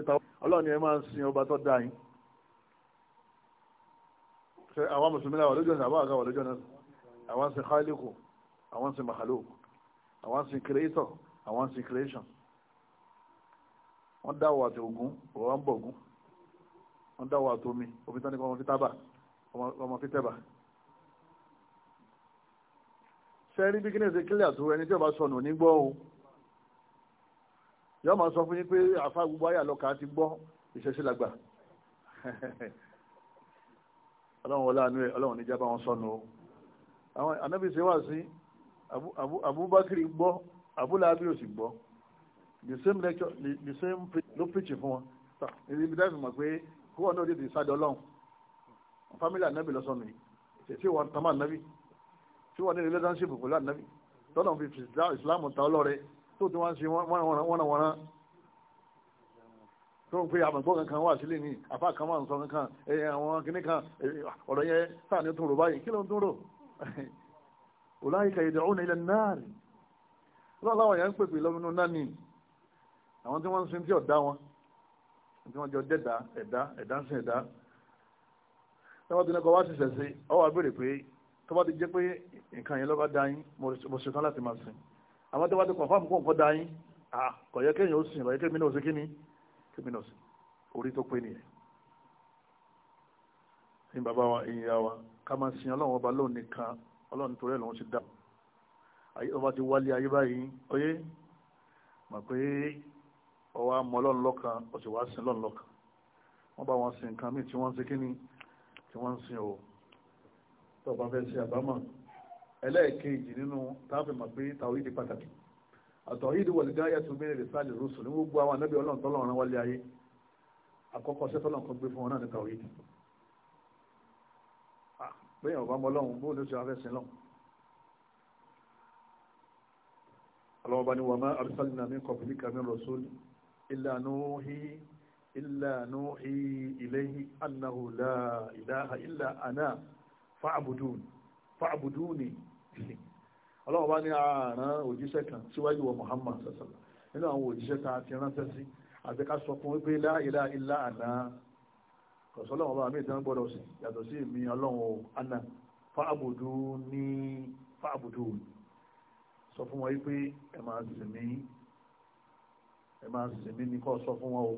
ta ọlọ́run ni ẹ máa ń sin ọba tó dá yín àwọn mùsùlùmí làwọn lójú ọ̀nà àbọ̀ àgàwọ̀ lójú ọ̀nà àwọn sì khaliqu àwọn sin mahaluk àwọn sin creator àwọn sin creation wọ́n dáwọ̀ àti ogun ọ̀rọ̀ ń bọ̀gún wọ́n dáwọ̀ àti omi omi tán ní ọmọ fi tábà ọmọ fi tẹ́bà sẹ́rí bí kíni ẹ̀sẹ̀ kílẹ̀ àtúwọ̀ ẹni tí ọba sọnù ní gbọ́ o yọ́ máa sọ fún yín pé àfa gbogbo ayà lọ́ka ti gbọ́ ìṣẹ̀ṣẹ̀ làgbà ọlọ́run wọlé àánú ẹ̀ ọlọ́run níjà bá wọn sọnù o àwọn anábìsẹ̀ wà sí Abubakar gbọ́ Abulabi ò sì gbọ́ the same lecture the same ló preach fún wọn ibi dáhùn mọ̀ pé kó wọn náà lè ti sáde ọlọ́run family anabi lọ́sọ̀ mi tí wọn tán máa nabi tí wọn ní relationship pẹ̀lú anabi lọ́nà fi Islam ta ọlọ́rẹ tó tí wọ́n ń ṣe wọ́nàwọ́nà tó ń pè àmọ̀gbọ́n kankan wà sílé ní àfá kan máa ń sọ kankan àwọn kìnnìkan ọ̀rọ̀ yẹn sáà ní tó rò báyìí kí ló ń tó rò ọláyíká ìdàún ilẹ̀ náàrí lọ́láwọ̀ yà ń pèpè lọ́mínú náà ni àwọn tí wọ́n ń sin tí ọ̀dá wọn tí wọ́n jọ dẹ́dà ẹ̀dá ẹ̀dá ń sin ẹ̀dá lọ́wọ́ tí wọ́n wá sí sẹ̀sẹ̀ ọwọ́ abèrè pé tó bá ti jẹ́ pé nǹkan yẹn lọ́ba dá yín mo ṣe tán láti máa sìn àwọn tó bá ti kọ̀fáàmù kó nǹkan dá yín kò ó sìn lọ́yẹ kémi náà ó kí ni kémi orí tó pé ọlọ́run torí ẹ̀ lòun ti dá ọba ti wálé ayé báyìí oyé mọ̀ pé ọwọ́ amọ̀ ọlọ́run lọ́kan ọ̀sẹ̀ wá sin ọlọ́run lọ́kan wọ́n bá wọn sin nǹkan míì tí wọ́n ń sin kíni tí wọ́n ń sin o tó bá fẹ́ ṣe àbámọ̀ ẹlẹ́ẹ̀kejì nínú táàfin mọ̀ pé tàwídì pàtàkì àtọ̀yídì wọ̀lẹ̀ gáyà tó bẹ̀rẹ̀ lè sáàlì rúṣù ní gbogbo àwọn anábì ọlọ́run tọ́lọ́run wálé ayé àkọ́kọ́ sẹ́tọ́lọ́run pé èèyàn bá mọ lọ́hùn bó ló ṣe afẹ́ sin lọ́hùn ọlọ́wọ́ bá ní wàmá arsalna min qablika min rasul illa nuhi illa nuhi ilayhi annahu la ilaha illa ana fa'budun fa'buduni ọlọ́wọ́ bá ní ààrán òjíṣẹ́ kan síwájú wa Muhammad sallallahu alaihi wasallam ọ̀sọ́lọ́wọ́ bá mi ìtàn gbọ́dọ̀ sí yàtọ̀ sí mi ọlọ́run anna fáàbùdù ní fáàbùdù sọ fún wọn yí pé ẹ máa sìn mí ẹ máa sìn mí ní kọ́ sọ fún wọn o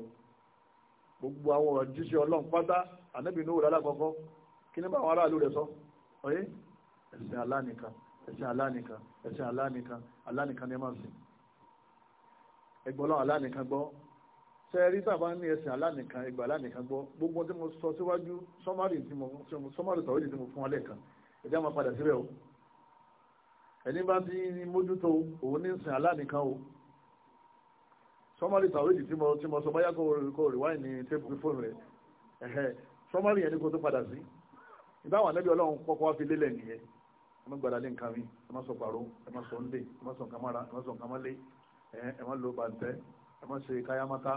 gbogbo àwọn òjíṣẹ́ ọlọ́run pátá ànábì ní òwúrọ̀ alákọ̀ọ́kọ́ kí ní bá àwọn aráàlú rẹ̀ sọ ọ̀yẹ́ ẹ̀sìn alánìkan ẹ̀sìn alánìkan ẹ̀sìn alánìkan alánìkan ni ẹ máa sìn ẹgbọ́n ọlọ́run alánìkan gbọ́ tẹ́rí tàbá ní ẹsẹ̀ alánìkan ìgbà alánìkan gbọ́ gbogbo tí mo sọ síwájú sọ́márì tí mo sọ́márì tàwọn èdè tí mo fún wa lẹ́ẹ̀kan ẹ̀já máa padà síbẹ̀ o ẹni bá ti ní mójútó òun ní sìn alánìkan o sọ́márì tàwọn èdè tí mo tí mo sọ báyá kó rìwáì ní tébù fóònù rẹ̀ ẹ̀hẹ́ sọ́márì yẹn ni kó tó padà sí ìbáwọn anábì ọlọ́run kọ́kọ́ wá fi lélẹ̀ nìyẹn ẹ má gbàdá lé nǹkan mi ẹ má sọ pàrọ̀ ẹ lo bàǹtẹ́ ẹ má ṣe káyámátá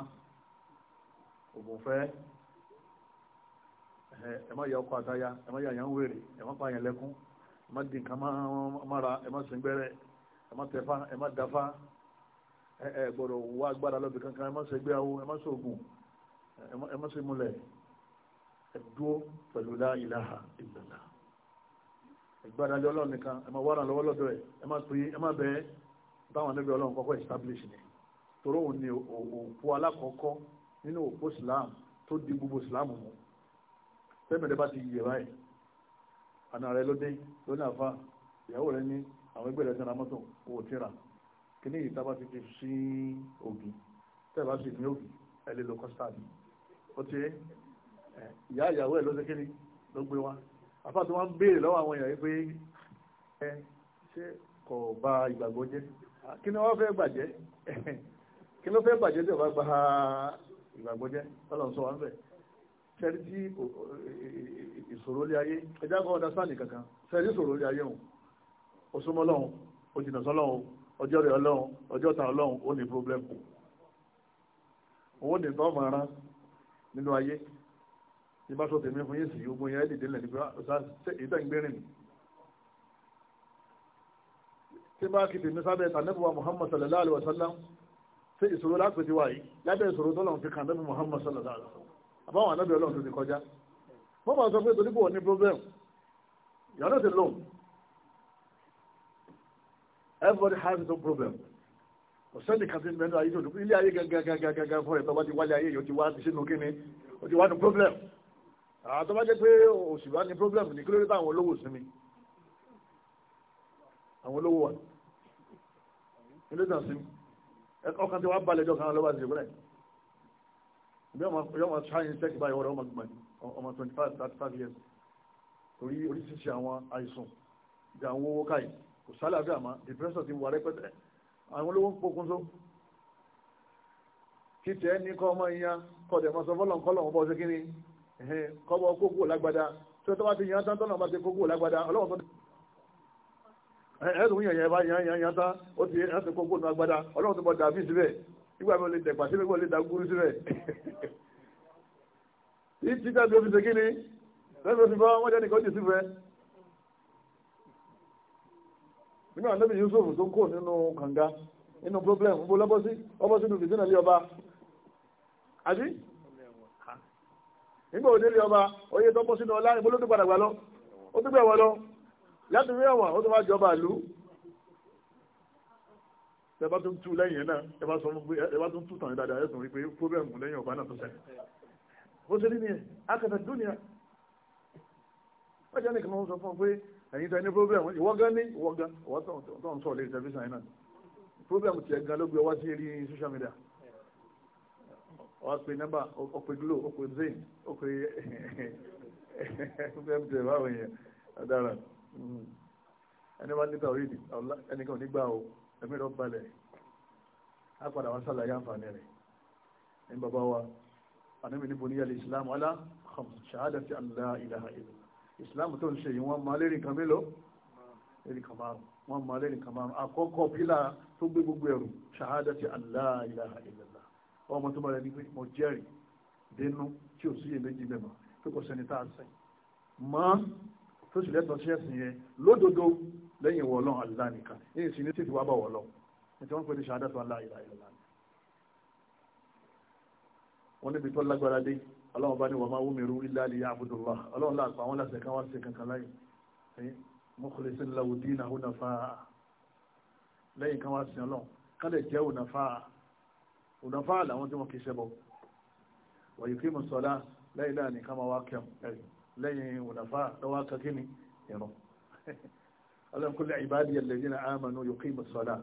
ògùn fẹ́ ẹ má yà ọkọ àtayá ẹ má yà yàn wèrè ẹ má pa yàn lẹ́kún ẹ má di nǹkan mára ẹ má sìn gbẹ́rẹ́ ẹ má tẹ̀fá ẹ má dáfá ẹ ẹ gbọ́dọ̀ wá agbára lọ́bì kankan ẹ má ṣe gbé awo ẹ má ṣe ògùn ẹ má ṣe múlẹ̀ ẹ dúró pẹ̀lú la ilaha illallah ìgbàdájọ́ ọlọ́run nìkan ẹ máa wára lọ́wọ́ lọ́dọ̀ ẹ̀ ẹ máa pè é ẹ máa bẹ̀ẹ́ báwọn ẹlẹ́bẹ̀ẹ́ ọlọ́run kọ́kọ́ establish ni torí òun ni òkú alákọ̀ọ́kọ́ nínú òpó islam tó di gbogbo islam mú tẹ́mẹ̀rẹ́ bá ti yẹ̀ báyìí àna rẹ lóde lónìí àfa ìyàwó rẹ ní àwọn ẹgbẹ́ rẹ ti ra mọ́tò owó ti ra kíní yìí tábà ti ti sí ògì tẹ́ẹ̀bá sì ní ògì ẹ lè lo kọ́stáàdì ó ti ìyá ìyàwó ẹ ló ṣe kíní ló gbé wá àfa tí wọ́n ń béèrè lọ́wọ́ àwọn èèyàn pé ẹ ṣé kò bà ìgbàgbọ́ jẹ́ kí ni wọ́n fẹ́ bàjẹ́ kí ló fẹ́ bàjẹ́ tí ò bá gba ìgbàgbọ́ jẹ́ ọlọ́run sọ wá ń bẹ̀ tẹ́rí tí ìṣòro lé ayé ẹjá kọ́ ọ̀dá sáàlì kankan tẹ́rí ìṣòro lé ayé òun ó súnmọ́ ọlọ́run ó jìnà sọ́lọ́run ọjọ́ rẹ̀ ọlọ́run ọjọ́ ta ọlọ́run ó ní problem òun ó ní tọ́ máa rán nínú ayé ní bá sọ tèmi fún yín sí ogun yẹn dìde lẹ́nu pé ìta ah, ń gbérin tí bá kí sábẹ́ tànẹ́bùwà Muhammad sallallahu alaihi wa sallam sí ìṣòro lápè ti wà yìí lábẹ́ ìṣòro tó lọ́n fi kàn lẹ́nu Muhammad problem everybody has no problem àtọ́ bá jẹ́ pé òṣù ní problem ní kílódé táwọn olówó sinmi àwọn olówó wà nílé tàn ọkàn tí wọ́n balẹ̀ jọ kan lọ́wọ́ àdìsẹ́gbẹ́rẹ́ yọ́n ma ṣáyìn sẹ́kì báyìí ọ̀rọ̀ ọmọ 25-35 years torí oríṣiríṣi àwọn àìsàn bí àwọn owó káyì kò sálà bí àmà depression ti wà rẹpẹtẹ àwọn olówó ń pokun tó kí tẹ́ ní kọ́ ọmọ ìyá kọ́dẹ̀ mọ́ sọ fọ́lọ̀ kọ́lọ̀ wọn bọ́ sí kí ni kọ́bọ̀ kókó lágbádá tó tọ́ bá ti yan tán tọ́nà bá ti kókó lágbádá ọlọ́wọ́n tó ẹ̀ẹ́dùn yẹ̀yẹ̀ bá yàn yàn yàn tán ó ti ẹ̀ ṣe kókó nu agbada ọlọ́run ti bọ̀ dàbí síbẹ̀ nígbà mi ò lè dẹ̀gbà síbẹ̀ wọ́n lè da síbẹ̀. títí tàbí ó fi ṣe kíni lẹ́nu oṣù bá wọ́n jẹ́ nìkan jù síbẹ̀. nígbà níbi Yusuf tó kó nínú kànga nínú problem bó lọ́bọ́ sí ọbọ̀ sínú fìdínà lé ọba àbí nígbà òde lé ọba oyè tó bọ́ sínú ọlá ìbólódó padà gbà lọ ó tó bẹ̀ wọ látìrí ẹ̀wọ̀n ó tó bá jọba ìlú ẹbá tó ń tú lẹ́yìn náà ẹbá sọ fún pé ẹbá tó ń tú tàn dáadáa ẹ̀sùn rí pé pọ́bẹ̀mù lẹ́yìn ọ̀bá náà tó ṣẹlẹ̀ ó ṣe rí ni akẹta dúnìá wọ́n jẹ́ nìkan wọ́n sọ fún pé ẹ̀yin tẹ́ ní pọ́bẹ̀mù ìwọ́gán ní ìwọ́gán ọ̀wọ́ tó ń sọ lè tẹ̀físàn yìí náà pọ́bẹ̀mù tiẹ̀ gan ló gbé wá sí eré social media wọ́n pe nọ́mbà ọ̀pẹ glo ọ̀pẹ zane ọ̀pẹ pọ́bẹ̀mù tẹ̀ báwọn yẹn dára Hmm. ẹni wá níta orí ẹnìkan ò ní gbà o ẹ̀mí rẹ̀ balẹ̀ á padà wá sàlàyé àǹfààní rẹ̀ ní bàbá wa ànábì ní bòníyà lè islam alá ṣàhádà sí àlá ìlàhà ìlú islam tó ń ṣe yìí wọ́n máa lérí nǹkan mélòó lérí nǹkan márùn wọ́n máa lérí nǹkan márùn àkọ́kọ́ pílà tó gbé gbogbo ẹ̀rù ṣàhádà sí àlá ìlàhà ìlú ọmọ tó bá rẹ ní pé mo jẹ́rìí dénú tí ò tó sì lẹ́tọ̀ọ́ sí ẹ̀sìn yẹn lódodo lẹ́yìn ìwọ ọlọ́run àlùlá nìkan èyí sì ní títí wàá bọ̀ wọ̀ lọ nítorí wọ́n pè ní ṣahadatu an la ilaha illallah wọ́n níbi tó lágbára dé ọlọ́run bá ní wọ́n máa wúmiru illa liya'budullah ọlọ́run láàpá wọn láti ẹ̀ka wá sí kankan láyé mukhlisin lahu dinahu hunafa lẹ́yìn kan wá sí ọlọ́run kálẹ̀ jẹ́ hunafa hunafa làwọn tí wọ́n kì í ṣẹbọ wọ̀nyí kí mùsọ̀lá lẹ́yìn náà nìkan máa wá kẹ́m ẹ̀yìn lẹ́yìn ònàfà lọ́wọ́ kankí ni ìrun ọlọ́nkúnlẹ̀ ìbáàdì ẹ̀lẹ́dínà àmànú yóò kí ìmọ̀sọ́lá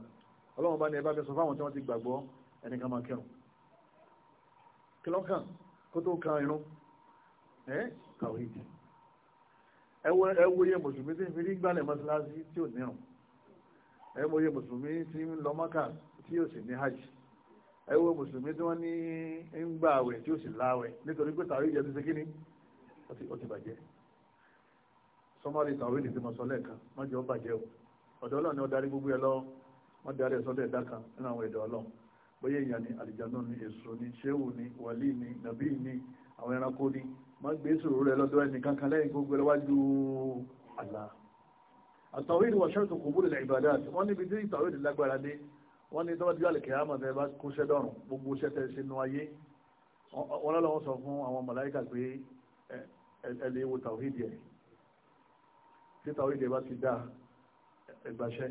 ọlọ́run bá ní ẹbá fẹ́ sọ fáwọn tí wọ́n ti gbàgbọ́ ẹnìkan máa kẹrùn kí ló kàn kó tó kan irun ẹ kàwé ìdí ẹwọ iye mùsùlùmí tí ń fi gbálẹ̀ mọ́sálásí tí ò nírun ẹwọ iye mùsùlùmí tí ń lọ Mákà tí ò sì ní hajj ẹwọ mùsùlùmí tí wọ́n ní ń gbààwẹ̀ tí ò sì láwẹ̀ nítorí pé tàwé ìjẹ́ ó ti bàjẹ́ sọmọlì tàwé ní ìdìmọ̀ sọlẹ̀ kan wọ́n jẹ́ ó bàjẹ́ o ọ̀dọ̀ ọlọ́run ni ó darí gbogbo ẹ lọ wọ́n darí ẹ̀sọ́lẹ̀ ẹ̀dá kan nínú àwọn ẹ̀dọ̀ ọlọ́run bóyá èèyàn ni àlìjáná ni èso ni ṣéwù ni wàlí ni nàbí ni àwọn ẹranko ni má gbé sòrò rẹ lọ́dọ̀ ẹni kankan lẹ́yìn gbogbo ẹlẹ́wájú àlá àtàwé ìwà ṣẹ́ẹ̀tù kò búrẹ̀ ìbàdà wọ́n níbi tí ìtàwé ìdí lágbára dé wọ́n ní tọ́wọ́ díwálì kẹ́hámà tẹ́ bá kó ṣẹ́dọ̀rùn gbogbo ṣẹ́tẹ̀ sínú ayé wọ́n lọ́wọ́ sọ fún àwọn màláìkà pé ẹ̀lẹ́ ewu tàwídì ẹ̀ tí tàwídì ẹ̀ bá ti dá ẹgbàṣẹ́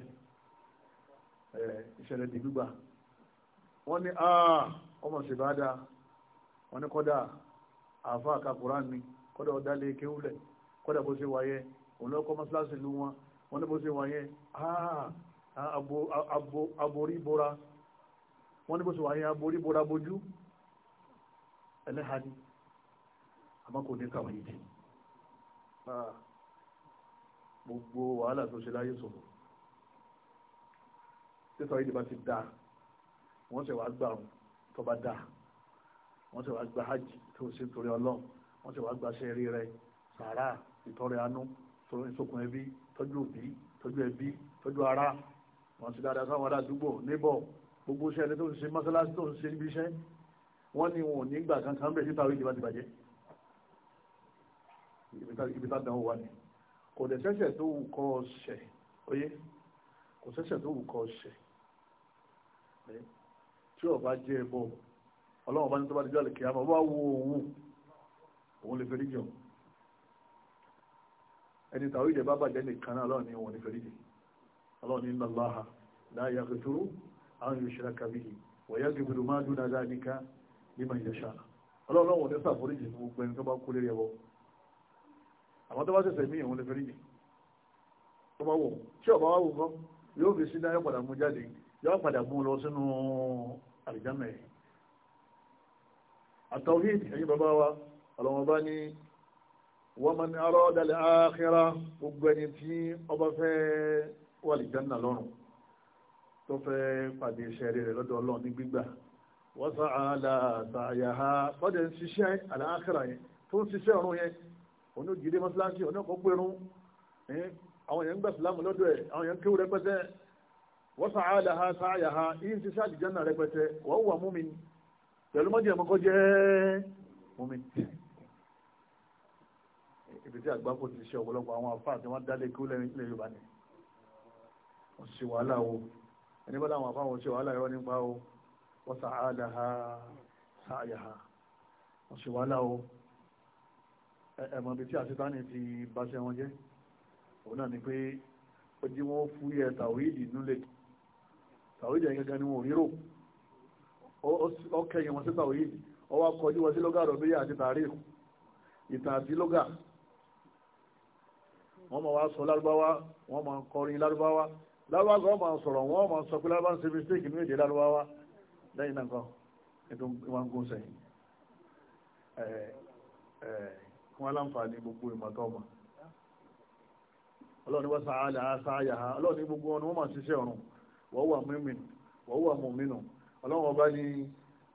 ìṣẹ̀lẹ̀ di gbígbà wọ́n ní àà ọmọ sì bá dáa wọ́n ní kọ́dà àfa àka Kùránì ni kọ́dà ọ̀dà lè kéwúlẹ̀ kọ́dà bó ṣe wáyé òun lọ́kọ́ mọ́sálásì lú wọn wọ́n ní bó ṣe wáyé àà aborí bora wọ́n ní bó ṣe wáyé aborí bora bojú ẹlẹ́hàá ni àmọ́ kò ní tàwọn yìí ah. gbogbo wàhálà tó ṣe láyé sọ̀rọ̀ títọ́ yìí bá ti dá wọ́n ṣe wá gbà tó bá dá wọ́n ṣe wá gba hajj tó ṣe torí ọlọ́run wọ́n ṣe wá gba ṣẹ́rí rẹ sàárà ìtọrẹ àánú ìsokùn ẹbí tọ́jú òbí tọ́jú ẹbí tọ́jú ara wọ́n ti dáadáa sáwọn àdúgbò níbọ̀ gbogbo iṣẹ́ ẹni tó ń ṣe mọ́sálásí tó ń ṣe ibi iṣẹ́ wọ́n ní wọn ò ní gbà kankan bẹ̀ títà orí ìdìbò àti bàjẹ́ ibi tá dánwò wá ni kò dẹ̀ sẹ́sẹ̀ tó wù kọ́ ṣẹ̀ oyé kò sẹ́sẹ̀ tó wù kọ́ ṣẹ̀ tí ọba jẹ́ ẹbọ ọlọ́run bá ní tó bá dijọ́ àlèkè àmọ́ bá wo òwú òun lè fẹ́rí jọ ẹni tàwọn ìdẹ bá bàjẹ́ nìkan náà ọlọ́run ní òun lè fẹ́rí jì ọlọ́run ní inna Allaha la yaghfiru an yushraka bihi wa yaghfiru ma duna dhalika liman yasha ọlọ́run ní sàforíjì fún gbogbo ẹni tó bá kú lérí ẹbọ àwọn tó bá ṣẹ̀ṣẹ̀ mí ìwọ̀n lè fẹ́rí jì tó bá wò tí ọba wà wò kọ́ yóò fi sí náà yóò padà mú jáde yóò padà mú lọ sínú àlìjámẹ̀ àtàwíd ẹ̀yìn bàbá wa ọlọ́mọba ní wọ́n máa ní arọ́ dalẹ̀ ákẹ́rà gbogbo ẹni tí ọba fẹ́ wà lè jẹ́nà lọ́rùn tó fẹ́ pàdé iṣẹ́ rẹ̀ lọ́dọ̀ ọlọ́run ní gbígbà wọ́n sá àlàáta àyàhá lọ́dẹ̀ ń ṣiṣẹ́ àlàákẹ́rà yẹn tó ń ṣiṣẹ́ ọ̀run yẹn òun ó jìde mọ́sálásí òun náà kọ́ gbẹ̀rún àwọn èèyàn ń gbà sílámù lọ́dọ̀ ẹ̀ àwọn èèyàn ń kéwú rẹpẹtẹ wọ́n sà á làhà sà á yàhà yìí ti sáà dìjọ́nà rẹpẹtẹ wọ́n wà mú mi pẹ̀lú mọ́jì ẹ̀mọ́ kọ́ jẹ́ mú mi. ibi tí àgbákò ti ṣe ọ̀pọ̀lọpọ̀ àwọn afá àti wọn dálé kí lẹ́yìn Yorùbá ni wọ́n ṣe wàhálà o ẹni bá láwọn afá wọn ṣe wàhálà irọ́ nípa o wọ́n sà á làhà wọ́n ṣe wàhálà o. ẹ̀mọ̀ bí tí àṣetáni ti báṣẹ wọn jẹ́ òun náà ni pé ó jí wọ́n fú yẹ tàwíìdì núlẹ̀ tàwíìdì ẹ̀yẹ gan ni wọn ò rírò ó kẹyìn wọn sí tàwíìdì ó wá kọjú wọn sí lọ́gà rọ̀bíyà àti tàrík ìtàn àti lọ́gà wọ́n máa wá sọ lárúbáwá wọ́n kọrin lárúbáwá lárúbáwá kan máa sọ̀rọ̀ wọ́n máa sọ pé lárúbáwá ń ṣe mistake ní èdè lárúbáwá lẹ́yìn fún aláǹfààní gbogbo ìmọ̀tọ́mọ̀ ọlọ́ni wọ́n sàáyà sàáyà ha ọlọ́ni gbogbo wọn ni wọ́n máa ṣiṣẹ́ ọ̀run wọ́n wà mímìn wọ́n wà mọ̀mínù ọlọ́run ọba ni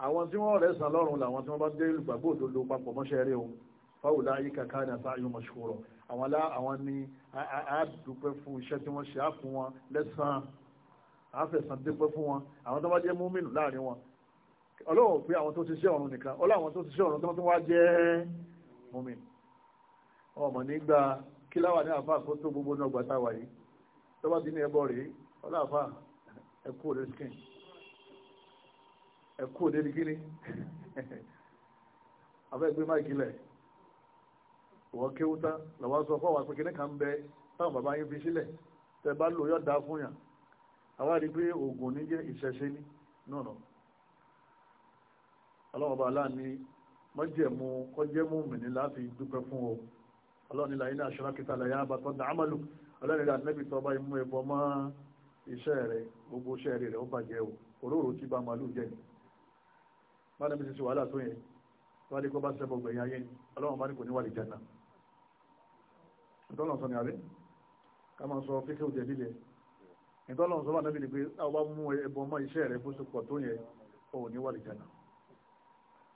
àwọn tí wọ́n rẹ̀ sàn lọ́rùn làwọn tí wọ́n bá dé ìgbàgbọ́ òdodo papọ̀ mọ́ṣẹ́ rẹ̀ o fáwọn láyé kàkà ní àṣà yóò mọ̀ṣúrọ̀ àwọn alá àwọn ni àádùpẹ́ fún iṣẹ́ tí wọ́n ṣe á fún wọn lẹ́sàn-án àáfẹ̀sàn dépẹ́ fún wọn àwọn tó bá jẹ́ múmínù láàrin wọn ọlọ́run pé àwọn tó ṣiṣẹ́ ọ̀run nìkan ọlọ́run tó ṣiṣẹ́ ọ̀run tó wá jẹ́ múmínù ọmọ nígbà kíláwà ní àfáà kó tó gbogbo náà gbàtà wáyé tó bá ti ní ẹbọ rèé ọlọ́àfáà ẹkú òde skin ẹkú òde ní kíní afẹ́gbé máìkì lẹ̀ wọ́n kéwú tán lọ́wọ́ sọ fún àwọn akẹ́kẹ́ kan bẹ táwọn bàbá yín fi sílẹ̀ tẹ bá lò yọ̀dá fún yàn àwa rí pé oògùn ní jẹ́ ìṣẹ̀ṣe ní náà náà ọlọ́wọ́ aláàánú mọ́jẹ̀mú kọjẹ́mú mìíràn láti dúpẹ́ fún ọ ọlọ́run ilà iná aṣọ rákítà làyà àbàtọ́ dàámàlù ọlọ́run ilà nẹ́bí tó bá imú ẹbọ mọ́ iṣẹ́ rẹ̀ gbogbo iṣẹ́ rẹ̀ ó bàjẹ́ o òróró tí bá màálù jẹ́ ni báyìí mi ti ṣe wàhálà tó yẹn tó wá dé kó bá ṣẹbọ gbẹ̀yìn ayé ni ọlọ́run bá ní kò ní wà lè jẹ́nà ìtọ́lọ̀ sọ ni àbí ká máa sọ fíkẹ́ òjẹ́ líle ìtọ́lọ̀ sọ wà nẹ́bí ni pé bá mú ẹbọ mọ́ iṣẹ́ rẹ̀ bó ṣe tó yẹn ò ní wà lè jẹ́nà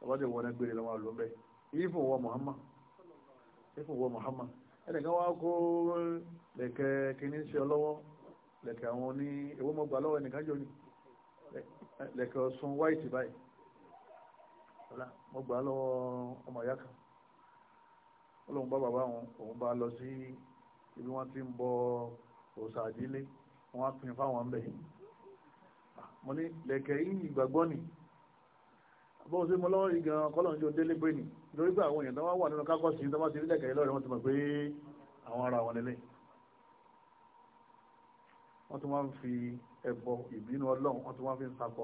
ọlọ́dẹ̀ wọ ṣé kò wọ Muhammad ẹnìkan wá kó lẹ̀kẹ̀ kìíní ṣe ọlọ́wọ́ lẹ̀kẹ̀ àwọn ní ewó mọ́gbà lọ́wọ́ ẹnìkan jọ ní lẹ̀kẹ̀ ọ̀sùn white báyìí mọ́gbà lọ́wọ́ ọmọ ìyá kan ọlọ́run bá bàbá wọn òun bá lọ sí ibi wọ́n ti ń bọ òòṣà àdílé wọ́n á pin fáwọn bẹ̀ mo ní lẹ̀kẹ̀ yìí ìgbàgbọ́ ni bọ́ọ̀ sí lọ́wọ́ yìí gan-an kọ́lọ́ọ̀jọ́ délé bẹ́ẹ̀ nìyí nítorí pé àwọn èèyàn tó wá wà nínú kákọ́sì tó bá ti rí lẹ́kẹ̀ẹ́ lọ́rẹ̀ wọ́n ti mọ̀ pé àwọn ara wọn lélẹ̀ wọ́n tún wọ́n fi ẹ̀bọ ìbínú ọlọ́run wọ́n tún wọ́n fi ń sakọ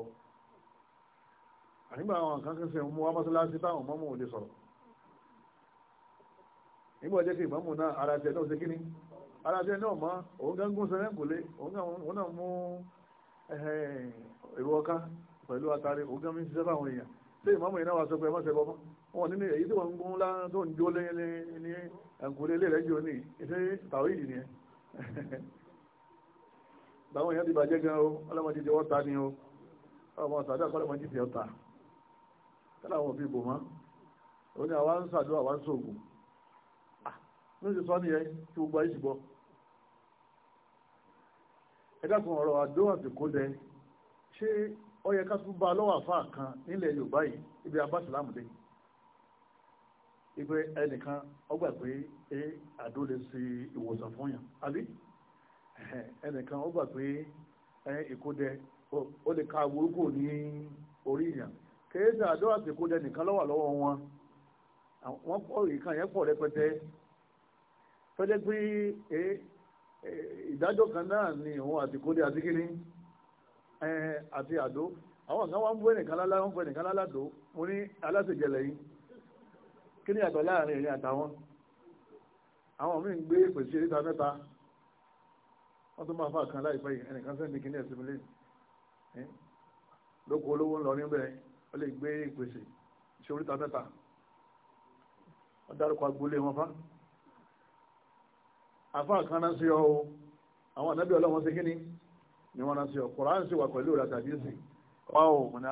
ànígbà àwọn kan kí mú wá mọ́sálásí táwọn mọ́mú ò lè sọ̀rọ̀ nígbà jẹ́ kí ìmọ̀mù náà ara jẹ́ náà ṣe ara náà mọ́ wọn nínú èyí tí wọ́n ń gún lá tó ń jó lẹ́yìn ní ẹ̀kúnlé ilé rẹ̀ ní ìṣe tàwí ìdì nìyẹn báwọn èèyàn ti bàjẹ́ gan o ọlọ́mọdé ti wọ́ta ni o ọmọ ọ̀sàdá ọlọ́mọdé ti ọ̀ta kálá àwọn òfin bò mọ́ ó ní àwa ń sàdó àwa ń sògùn ní ti sọ nìyẹn tí gbogbo ayé ti gbọ́ ẹ dákun ọ̀rọ̀ àdó àsìkò lẹ ṣé ó yẹ ká tún bá lọ́wọ́ àfáà kan nílẹ̀ Yorùbá yìí ibi abá yìí ipe ẹnìkan ọgbà pé ẹ àdó lè ṣe ìwòsàn fún yàn àbí ẹnìkan ọgbà pé ẹ ìkódẹ ó lè ka burúkú ní orí yàn kéèdè àdó àti ìkódẹ nìkan lọ́wọ́ lọ́wọ́ wọn wọ́n pọ̀ ìkan yẹn pọ̀ rẹpẹtẹ fẹ́lẹ́ pé ẹ ìdájọ́ kan náà ni òun àti ìkódẹ àti kíní àti àdó àwọn kan wá bú ẹnìkan lálá ń bú ẹnìkan lálá dó mo ní aláṣẹjẹ lẹ́yìn kí ni àgbẹ̀ láàrin ìrìn àtàwọn àwọn míì ń gbé pèsè níta mẹ́ta wọ́n tó máa fà kan láìpẹ́ yìí ẹnìkan sẹ́ni kí ní ẹ̀sìn lé lóko olówó ń lọ níbẹ̀ ó lè gbé pèsè ṣe oríta mẹ́ta wọ́n dárúkọ agboolé wọn fá àfa kan náà sí ọ o àwọn ànábì ọlọ́wọ́n ṣe kí ni ni wọ́n náà sí ọ Kùránì sì wà pẹ̀lú rẹ̀ tàbí sí ọ ò mọ̀nà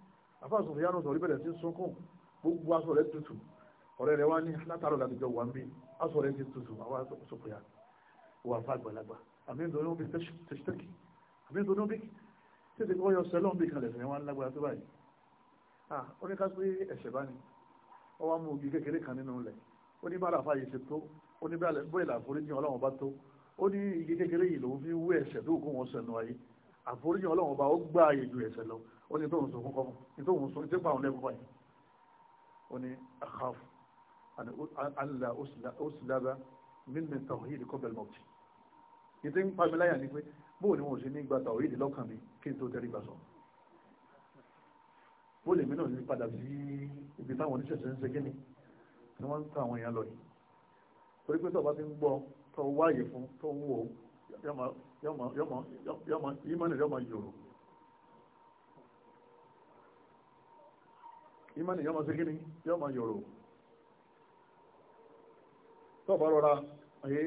àfáà sọ̀rọ̀ yánú sọ̀rọ̀ ìbẹ̀rẹ̀ sí sunkún gbogbo aṣọ rẹ̀ tutù ọ̀rẹ́ rẹ̀ wá ní látàrọ̀ làbíjọ wà ń bí aṣọ rẹ̀ ti tutù àwọn aṣọ yà wà fà gbàlagbà àmì ìdòdó bí tẹ̀sítẹ́kì àmì ìdòdó bí tètè kí wọ́n yọ sẹ́lọ̀ bí kalẹ̀ fún wọn lágbára tó báyìí ah ó ní ká pé ẹ̀ṣẹ̀ bá ní ó wá mú ogi kékeré kan nínú ilẹ̀ ó ní bára fàyè ṣe tó ó ní bóyá àforíjì ọlọ́run ọba ó gbá ààyè ju ẹ̀ṣẹ̀ lọ ó ní tóun sọkún kọ́mọ ní tóun sọ tí pa òun lẹ́kọ̀ọ́ yìí ó ní àkàfù àlà òsìlábà mímì tàwíìdì kọ́bẹ̀lì mọ̀tì ní tí ń pami láyà ni pé bóò ni wọn ò ṣe ní gba tàwíìdì lọ́kàn mi kí n tó tẹ́rí gbà sọ bó lèmi náà ní padà sí ibi táwọn oníṣẹ̀ṣẹ̀ ń ṣe kíni ni wọ́n ń ta àwọn èèyàn lọ yìí torí pé tọ́ba ti ń gbọ́ tọ́ wáyè fún tó ń wò ó yọmọ yọmọ yọmọ ìmọ̀nì yọmọ yòrò ìmọ̀nì yọmọ sí kíní yọmọ yòrò tọ́bọ̀ rọra ayé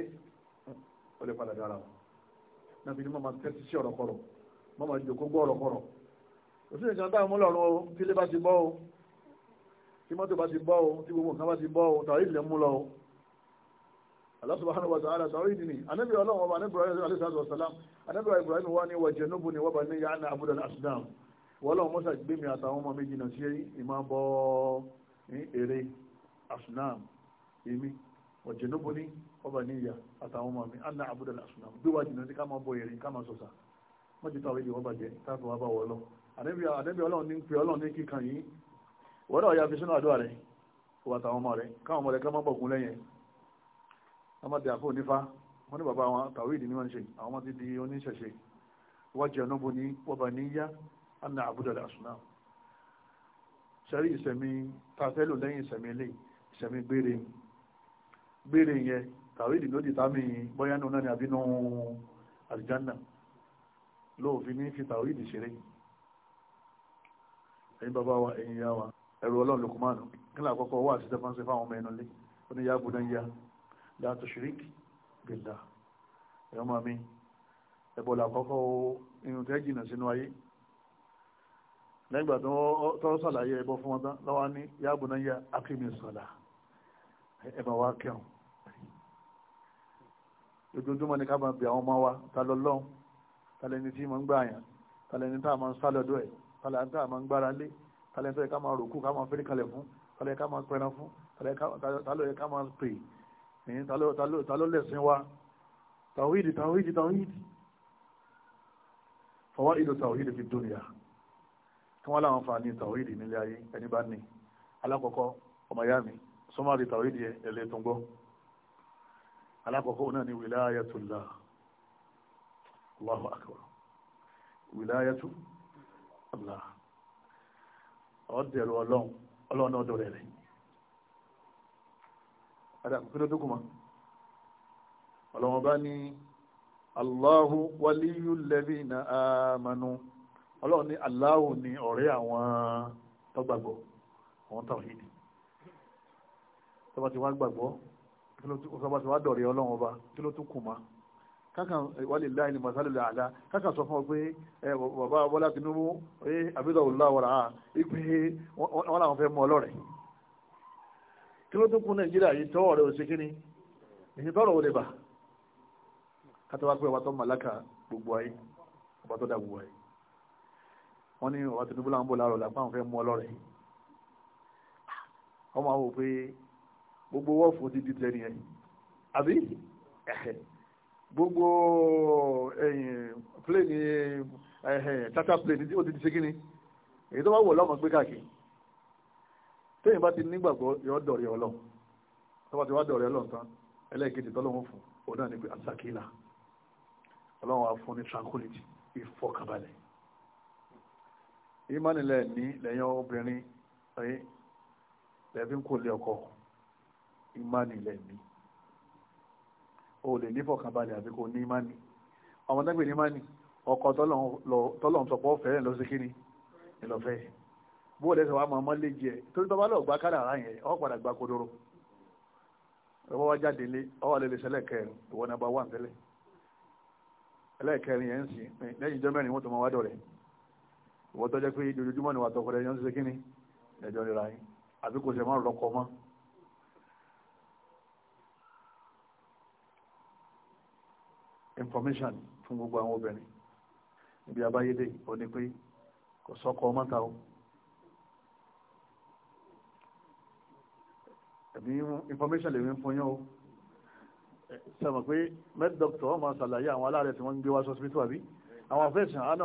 ọlé padà dára náà fi ní mọ́mọ́ tẹ́tí sí ọ̀rọ̀kọ̀rọ̀ mọ́mọ́ ìjòkó gbọ́ ọ̀rọ̀kọ̀rọ̀ òsì ìjọba táwọn mú o tí ilé bá ti bọ́ o tí mọ́tò bá ti bọ́ o tí gbogbo nǹkan bá ti bọ́ o tàbí ilẹ̀ mú lọ Allah subhanahu wa ta'ala sọ̀rọ̀yìn ni anábì ọlọ́run ọba anábì ọlọ́run alayhi salatu wa salam anábì ibrahim wa ni wàjẹ̀nubu ni wọ́n bá ní yàrá abudul asnam wọ́lọ́run mọ́sá gbé mi àtàwọn ọmọ méjì náà sí ìmọ̀ bọ́ eré asnam èmi wàjẹ̀nubu ni wọ́n bá ní yà àtàwọn ọmọ mi anna abudul asnam bí wàjì náà sí ká máa bọ eré ká máa sọ̀sà wọ́n ti tàwé ìwọ́n bàjẹ́ káàkiri wá bá wọ́ ọlọ́run anábì ní pè ọlọ́run ní kíkan yìí wọ́n náà yà fi sínú àdúrà rẹ̀ wọ́n àtàwọn ọmọ rẹ̀ káwọn ọmọ rẹ̀ ká máa bọ̀kún lẹ́yìn ọmọdé àfọ onífá wọn ní bàbá wọn tàwí ni wọn ń ṣe àwọn ọmọ ti di oníṣẹ̀ṣe wọ́n jẹ́ ọ̀nà boni wọ́n bá níyá anna abudul asuna sẹ́rí ìsẹ̀mí tafẹ́lò lẹ́yìn ìsẹ̀mí ilé ìsẹ̀mí gbére gbére yẹn tàwí ìdí lódì tàmí bọ́yá nínú náà ni àbínú àlìjánà lóòfin ní fi tàwí ìdí ṣeré ẹ̀yin bàbá wa ẹ̀yin yá wa ẹ̀rù ọlọ́run lukumanu nù kí ni àkọ́kọ́ wà sí stephen sefa àwọn ọmọ ẹnu lé ó yá la tushrik billah ẹ̀yọ́ máa mi ẹ̀bọ̀ làkọ́kọ́ inú tẹ́ jìnà sínú ayé lẹ́gbà tó sàlàyé ẹbọ fún wọn tán lọ́wọ́ ní yáàbù náà yá akíní sọ̀là ẹ̀bà wa kẹrùn ojoojúmọ́ ni ká máa bẹ̀ àwọn ọmọ wa ta lọ lọ́hùn ta lẹni tí máa ń gbà yàn ta lẹni tá a máa ń sá lọ́dọ̀ ẹ̀ ta lẹni tá a máa ń gbára lé ta lẹni tó yẹ ká máa ròkú ká máa fẹ́rí kalẹ̀ fún ta lẹni ká máa pẹran fún ta lẹni ká máa pè é ẹ̀yìn ta ló lẹ̀sìn wa tàwíìdì tàwíìdì tàwíìdì fọwọ́ ìlú tàwíìdì fi dúnìyà kí wọ́n láwọn fa ní tàwíìdì nílé ayé ẹni bá ní alákọ̀ọ́kọ́ ọmọ ìyá mi sọmọ́rì tàwíìdì ẹ̀lẹ́ tó ń gbọ́ alákọ̀ọ́kọ́ náà ni wilayatullah ọlọ́run ọlọ́run rẹ̀ padà kò kíló dókùnmá ọlọ́wọ́n bá ní Allahu waliyu ladina amanu ọlọ́run ní Allahu ní ọ̀rẹ́ àwọn tó gbàgbọ́ àwọn tàwíìdì tó bá ti wá gbàgbọ́ tó kákan wálé láì ní masalẹ̀ kákan sọ fún ọ pé Bọ́lá Tinubu abidjan olùlá wàrà á ipe wọn fẹ́ mú ọlọ́rẹ̀ẹ́ kí ló tó kún nàìjíríà yìí tọ́wọ́ rẹ̀ ò ṣe kí ni èyí tọ́rọ ò lè bà kátó wá pé ọba tó màláka gbogbo ayé ọba tó dá gbogbo ayé wọ́n ní ọba Tinubu láwọn bò láàrọ̀ làpá àwọn mú ọlọ́rẹ̀ ọmọ àwọn òpé gbogbo wọ́ọ̀fù ti di tẹ́ni ẹ̀ àbí gbogbo pléènì tata pléènì ó ti di ṣe kí ni èyí tó bá wọ̀ lọ́mọ gbé káàkiri téèyàn bá ti nígbàgbọ́ yọ dọ̀rẹ́ ọlọ́run tó bá ti wá dọ̀rẹ́ ọlọ́run tán ẹlẹ́ẹ̀kejì tọ́lọ́run fún òun náà ni pé asakila ọlọ́run á fún ní tranquility ìfọkànbalẹ̀ ìmánilẹ̀ ní lẹ́yìn obìnrin ẹ̀yìn lẹ́bí kò lé ọkọ ìmánilẹ̀ ní o lè ní fọkànbalẹ̀ àbí kò ní ìmánì àwọn dágbé ní ìmánì ọkọ tọ́lọ́run sọpọ̀ fẹ́rẹ̀ lọ sí kíni ìlọ́fẹ́ yìí bóòlù ẹsẹ̀ wa ji lè jẹ torí tọ́ba lọ gba kádàrá yẹn ọ padà gba kodoro ọwọ́ wa jáde lé ọwọ́ lè lè sẹ́lẹ̀ kẹrin ìwọ nàbà wà tẹ́lẹ̀ ẹlẹ́ẹ̀kẹrin yẹn ń sìn lẹ́yìn ìjọ mẹ́rin wọ́n tó máa wá dọ̀rẹ́ ìwọ tọ́jọ́ pé ojoojúmọ́ ni wà tọkọ rẹ̀ yẹn ń ṣe kínní ẹjọ́ yín àbí kò máa mọ́ information fún gbogbo àwọn obìnrin ibi abáyédè ò ní pé kò sọ́kọ ọmọ ẹ̀mí information lè mi fún yín o sọ̀rọ̀ pé med doctor ọmọ ṣàlàyé àwọn aláàrẹ̀ tí wọ́n ń gbé wá hospital àbí àwọn afẹ́sàn àná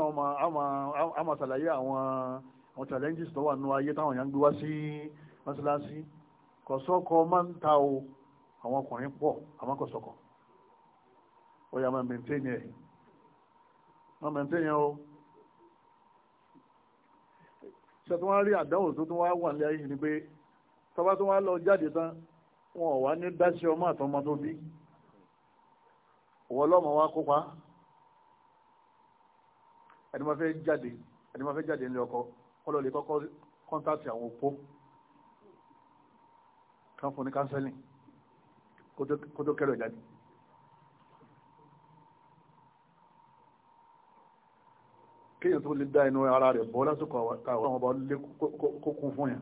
ọmọ ṣàlàyé àwọn challenges tó wà nínú ayé táwọn èèyàn ń gbé wá sí mọ́ṣáláṣí kọ̀sọ́kọ̀ máa ń ta o àwọn ọkùnrin pọ̀ àwọn kọ̀sọ́kọ̀ ó yà máa maintain ẹ̀ máa maintain ẹ̀ o ṣe tó wá rí àdáwò tó tún wá wà ní ayé ni pé tọ́ba tó wá lọ jáde tán wọn ò wá ní dáṣẹ ọmọ àtọmọ tó bí òwò ọlọ́mọ wa kópa ẹni máa fẹ́ jáde ẹni máa fẹ́ jáde nílé ọkọ kọ́lọ́ lè kọ́kọ́ kọ́ńtàtì àwọn opó kan fún ní kánsẹ́lìn kó tó kẹ́rọ̀ jáde. kéèyàn tó lè dá inú ara rẹ̀ bọ́ lásìkò àwọn ọba kó kún fún yẹn.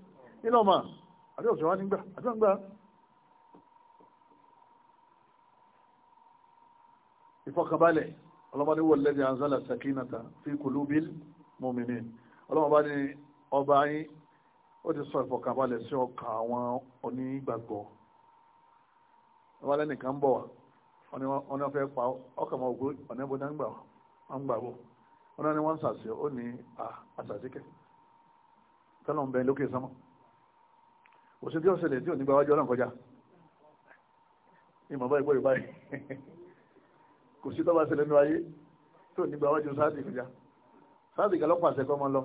nínú ọmọ àbí òṣèré wá nígbà àbí wọn gbà ìfọkànbalẹ̀ ọlọ́mọ ní wọlé ní anzala sakinata fi kulubil mu'minin ọlọ́mọ bá ní ọba yín ó ti sọ ìfọkànbalẹ̀ sí ọkàn àwọn onígbàgbọ́ ọba lẹ́nìkan bọ̀ wá wọ́n fẹ́ pa ọkàn mọ́ ògbó ọ̀nà wọ́n ní wọ́n sàṣẹ́ ó ní àṣàṣíkẹ́ tọ́lọ̀ ń bẹ lókè sánmọ́ kò sí tí ó ṣẹlẹ̀ tí ò ní gba wájú ọlọ́run kọjá ìmọ̀ báyìí gbọ́ ìbáyìí kò sí tọ́ba ṣẹlẹ̀ nínú ayé tí ò ní gba wájú sáàdì kọjá sáàdì kan lọ́pàá àṣẹ kọ́ mọ́ lọ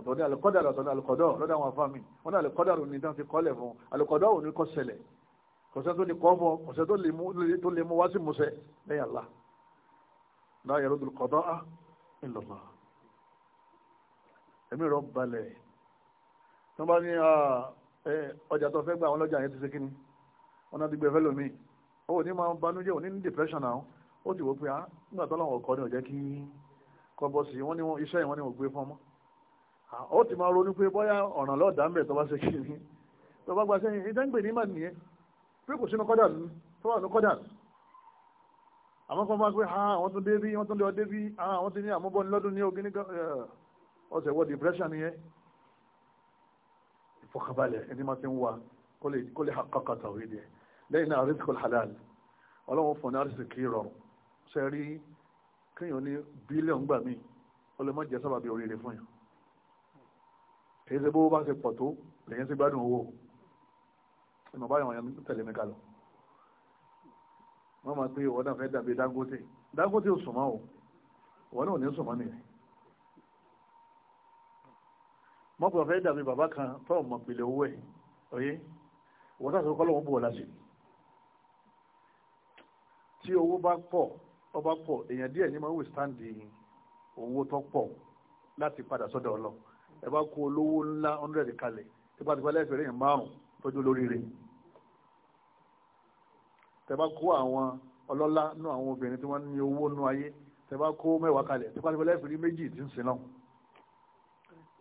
ọ̀tọ̀ ní alùkọ́dàrù ọ̀tọ̀ ní alùkọ́dọ̀ lọ́dọ̀ àwọn afá mi wọ́n ní alùkọ́dàrù ní tán ti kọ́lẹ̀ fún alùkọ́dọ̀ ò kọ́ ṣẹlẹ̀ kọ̀ṣẹ́ tó ní kọ́ fún kọ̀ṣẹ́ tó lè mú wá sí musẹ̀ lẹ́yìn àlá láyé rọ́dùn kọ́dọ̀ á ńlọ́mọ́ ẹ̀mí rọ̀ balẹ̀ tó bá ní ah, ọjà tó fẹ́ gba àwọn ọlọ́jà yẹn ti ṣe kíni wọn náà ti gbé fẹ́lẹ̀ mi ó ní máa banújẹ́ òní ní depression náà ó ti wò pé á ah, nígbà tó láwọn ọkọ ní ọ̀jẹ́ kí kọ́ bọ́ sí wọ́n ní iṣẹ́ yìí wọ́n ní wọ́n gbé fọ́nmọ́ ah, ó ti máa ronú pé bóyá ọ̀ràn lọ́ọ̀dà ń bẹ̀ tó bá ṣe kíni tó bá gba sẹ́yìn ìdẹ́gbẹ̀ ní màá nìyẹn pé kò sínú kọ́dà tó wà ní kọ́dà àmọ́ kan bá pé ha àwọn tó dé bí wọ́n tó lọ dé bí àwọn tó ní àmúbọ̀ ní lọ́dún ní ogin eh, ọ̀sẹ̀ wọ depression nìyẹn ìfọkànbalẹ̀ ẹni máa ti ń wa kó lè hakaka tàwé dẹ lẹ́yìn náà rizq halal ọlọ́run fún ní rizq kì í rọrùn ṣe rí kéèyàn ní bílíọ̀nù gbà míì ó lè má jẹ́ sábàbí oríire fún yàn kìí ṣe bówó bá ṣe pọ̀ tó lèyìn sí gbádùn owó ìmọ̀ báyọ̀ wọn tẹ̀lé mi kalọ̀ wọ́n máa pé ìwọ́n náà fẹ́ dàbí Dangote Dangote ò sùnmọ́ o ìwọ́n náà ò ní sùnmọ́ nìyẹn mọ́kùnrin fẹ́ dàbí bàbá kan tó mọ̀ pìlẹ̀ owó ẹ̀ oyé wọ́n tàbí kọ́ lọ́wọ́ bù ọ láti tí owó bá pọ̀ ọ bá pọ̀ èèyàn díẹ̀ ní máa ń withstandi owó tó pọ̀ láti padà sọ́dọ̀ ọ lọ ẹ bá kó olówó ńlá hundred kalẹ̀ tipatipa lẹ́fẹ̀ẹ́ rẹ̀ márùn-ún tọ́jú lórí rẹ̀ tẹ́bá kó àwọn ọlọ́lá nú àwọn obìnrin tí wọ́n ní owó nú ayé tẹ́bá kó mẹ́wàá kalẹ̀ tipatipa lẹ́fẹ̀ẹ́ méjì tí ń sin náà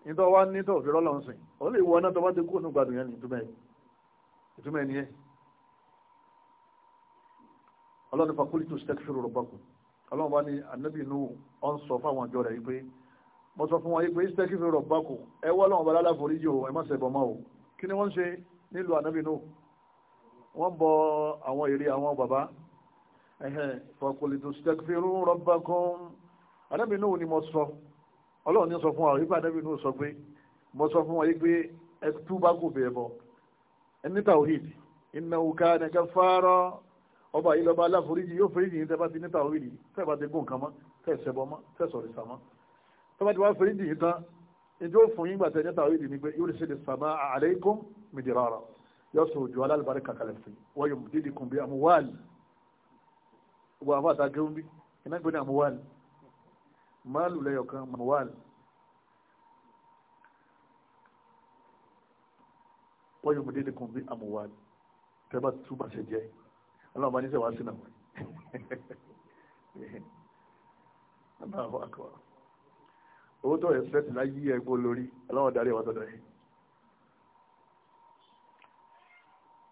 nítorí wá ní tọ̀fẹ́ rọ́lọ́ ń sìn ó lè wọ náà tó bá ti kú nígbà dùn yẹn ìtumẹ̀ ìtumẹ̀ ni ẹ ọlọ́run fakúlì tó stẹ́kì fèrò rọ̀bọ̀kù ọlọ́run bá ní anábì inú ọ ń sọ fáwọn àjọ rẹ̀ wípé mo sọ fún wọn wípé stẹ́kì fèrò rọ̀bọ̀kù ẹ wọ́ ọlọ́run bá lálàforí yìí o ẹ má ṣẹbọ mọ́ o kí ni wọ́n ń ṣe nílùú anábì inú wọ́n bọ àwọn ère àwọn bàbá fakúlì tó stẹ́kì fèrò rọ̀bọ̀kù anábì inú ni mo sọ ọlọ́run ní sọ fún wa ìgbà anábì ní sọ pé mo sọ fún wa yìí pé ẹtú tú bá gòkè ẹ̀bọ ẹni tàwíìdì innahu kana ghaffara ọba yìí lọ́ba aláforíjì yóò foríjì yìí tẹ́bá ti ní tàwíìdì tẹ́bá ti gùn kàn mọ́ tẹ́ ṣẹbọ mọ́ tẹ́ sọ̀rọ̀ ìsà mọ́ tẹ́bá ti wá foríjì yìí tán ìjọ fún yín gbàtẹ́ ní tàwíìdì ni pé yóò ṣe lè sàmà alaykum midrara yóò sọ máàlù lẹ́yọ̀kan mọ̀wáàlì wọ́n yóò mú dédé kan bí àmọ̀wáàlì tẹ́bà túbà ṣe jẹ́ aláwọ̀ bá ní sẹ́wàá sínú àwọn aláwọ̀ akọ̀ owó tó ẹ̀sẹ̀ ti láyé ẹgbó lórí aláwọ̀ darí ẹ̀wà tọ́jọ́ yìí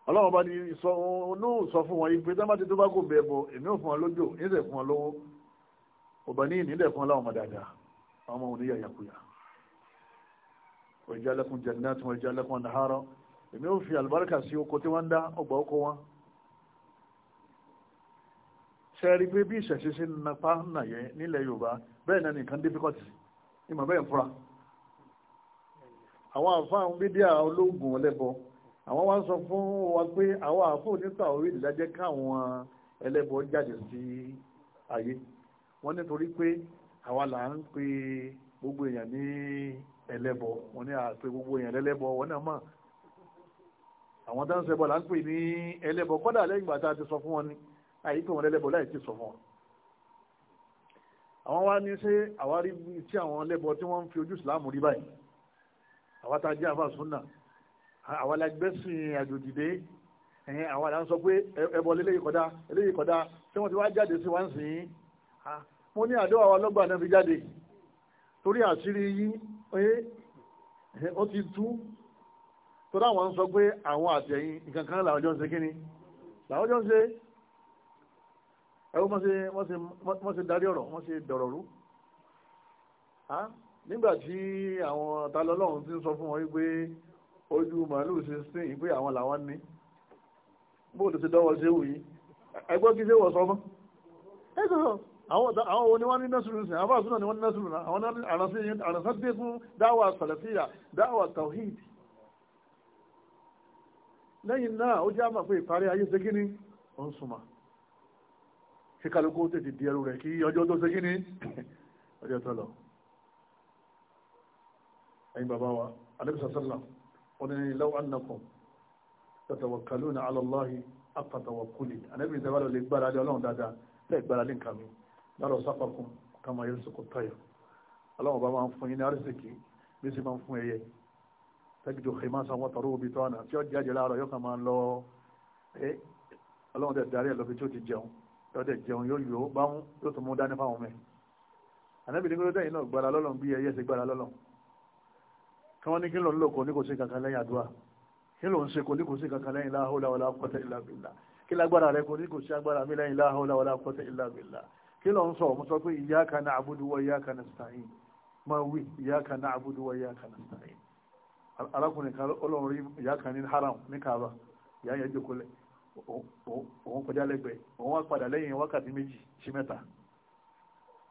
aláwọ̀ bá ní sọ fún wọn ìpè tẹ́bà ti tó bá kò bẹ̀ bọ̀ èmi ò fún wọn lójò ìṣẹ̀ fún wọn lówó ọba ní ìnílẹ̀ fún aláwọ̀ dáadáa àwọn ọmọ òní yàyàkuyà ọjà lẹ́kùn jẹ̀nà tí wọ́n jẹ́ lẹ́kùn nàárọ̀ èmi ò fi àlùbáríkà sí oko tí wọ́n ń dá ọgbà oko wọn sẹ́ẹ̀rí pé bí ìṣẹ̀ṣe ṣe ń napá nàyẹ nílẹ̀ Yorùbá bẹ́ẹ̀ náà nìkan dífíkọ́tì ìmọ̀ bẹ́ẹ̀ fura àwọn àfáàwọn bídíà ológun ọlẹ́bọ àwọn wá ń sọ fún wa pé àwọn àfóònítà orí ìdájẹ́ káwọn ẹlẹ́bọ jáde sí ayé wọ́n nítorí pé àwa là ń pe gbogbo èèyàn ní ẹlẹ́bọ wọ́n ní àpè gbogbo èèyàn lẹ́lẹ́bọ wọ́n náà mọ̀ àwọn tó ń ṣẹbọ là ń pè ní ẹlẹ́bọ kọ́dà lẹ́yìn ìgbà tá a ti sọ fún wọn ni àyè pé wọn lẹ́lẹ́bọ láì ti sọ fún wọn. àwọn wa ní ṣé àwa rí tí àwọn ẹlẹ́bọ tí wọ́n ń fi ojú ìsìláàmù rí báyìí àwa tá a jẹ́ àfa súnà àwa la gbẹ́sìn àjòjìdé ẹ̀yìn àwa là ń sọ pé ẹbọ lélẹ́yìí kọ́dá lélẹ́yìí kọ́dá tí wọ́n ti wá jáde sí wá ń sìn mo ní àdéhùn àwọn ọlọ́gbà náà fi jáde torí àṣírí yí ó ti tú torí àwọn sọ pé àwọn àtẹ̀yìn nǹkan kan làwọn jọ ń ṣe kíni làwọn jọ ń ṣe ẹ̀wọ́n wọ́n ṣe darí ọ̀rọ̀ wọ́n ṣe dọ̀rọ̀ rú nígbà tí àwọn talọ́lọ́run ti ń sọ fún wọn wípé ojú màálù ṣe sìn yìí pé àwọn làwọn ní bóòlù ti dọ́wọ́ ṣe wù yìí ẹgbọ́n kí ṣe wọ̀ sọ mọ́ ẹ àwọn òní wọ́n ní nẹ́sùrù ní sìn àwọn àṣúná ni wọ́n ní nẹ́sùrù náà àwọn àrànsáde fún dáwà sàlẹ̀fíà dáwà tawhid lẹ́yìn náà ó jẹ́ àmà pé ìparí ayé ṣe kíní ó ń súnmọ́ kí kálukú tètè di ẹrù rẹ̀ kí ọjọ́ tó ṣe kíní ọjọ́ tó lọ ẹ̀yin bàbá wa alẹ́bísà sálà wọ́n ní law annakum tatawakkaluna ala Allahi haqqa tawakkuli àlẹ́bísà sálà lè gbára lé ọlọ́run dáadáa lẹ́ẹ̀gbára lé nǹkan mi lọ́rọ̀ sápàkùn kàmá yẹn sọkò tayọ aláwọ̀ bá máa ń fún yín ní arísìkì bí sì máa ń fún ẹyẹ tẹ́gìdò xèmá sanwó tọrọ òbí tó àná tí ó jáde láàárọ̀ yóò kàn máa lọ ẹ aláwọ̀ dẹ̀ darí ẹ̀ lọ́bi tí ó ti jẹun yóò dẹ̀ jẹun yóò yó bá ń yóò tún mú dání fáwọn mẹ́ ànábì ní gbọ́dọ̀ yìí náà gbára lọ́lọ́n bí ẹyẹ ṣe gbára lọ́lọ́n kí wọ́n ní kí ló ń lò kó ní kò sí kankan lẹ́yìn àdúrà kí ló ń ṣe kò ní kò sí wala quwwata illa billah kí lágbára rẹ kò ní kò sí agbára mi la hawla wala quwwata illa billah kí ló ń sọ mo sọ pé iyyaka na'budu wa iyyaka nasta'in máa wí iyyaka na'budu wa iyyaka nasta'in arákùnrin kan ọlọ́run rí ìyá kan ní haram ní kaaba ìyá yẹn jókòó lẹ̀ òun kọjá lẹ́gbẹ̀ẹ́ òun wá padà lẹ́yìn wákàtí méjì sí mẹ́ta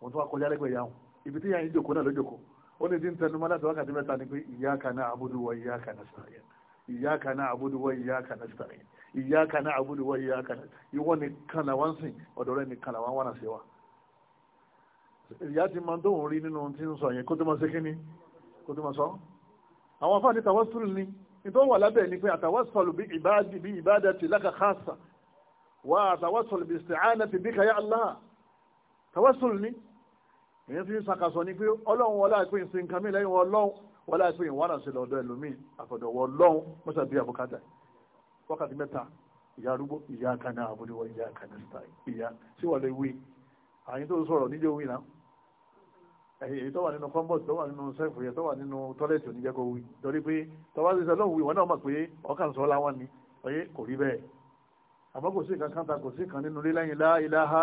òun tó wá kọjá lẹ́gbẹ̀ẹ́ yà wọn ibi tí yàn yín jókòó náà ló jókòó ó ní dín tẹnumọ́ láti wákàtí mẹ́ta ni pé iyyaka na'budu wa iyyaka nasta'in iyyaka na'budu wa iyyaka nasta'in iyyaka na'budu wa iyyaka nasta'in ìwọ náà ṣe wa ìyá ti máa tóun rí nínú tí ń sọ yẹn kó tó máa ṣe kí ni kó tó máa sọ àwọn afáàní tàwásùlù ni nítorí wà lábẹ́ ni pé àtàwásùlù bí ìbáàdì bí ìbáàdàtì láka khassa wà àtàwásùlù bí isti'anati bika ya Allah tàwásùlù ni èyí fi ń sàkàsọ ni pé ọlọ́run wọlé àìpé ìsìn nǹkan mi lẹ́yìn ọlọ́run wọlé àìpé ìwárà sí lọ́dọ̀ ẹlòmíì àfọ̀dọ̀wọ̀ ọlọ́run mọ́sà bí àbùkátà wákàtí mẹ́ta ìyá arúgbó ìyá èyí tó wà nínú kọ́mbọ̀tì tó wà nínú sẹ́fù yẹn tó wà nínú tọ́lẹ̀tì oníjẹ́ kó wí torí pé tọ́wá ti sọ lóhùn ìwọ náà mọ̀ pé ọkàn sọ láwọn ni oyé kò rí bẹ́ẹ̀ àmọ́ kò sí kankan ta kò sí kan nínú lílẹ́yìn lá ilaha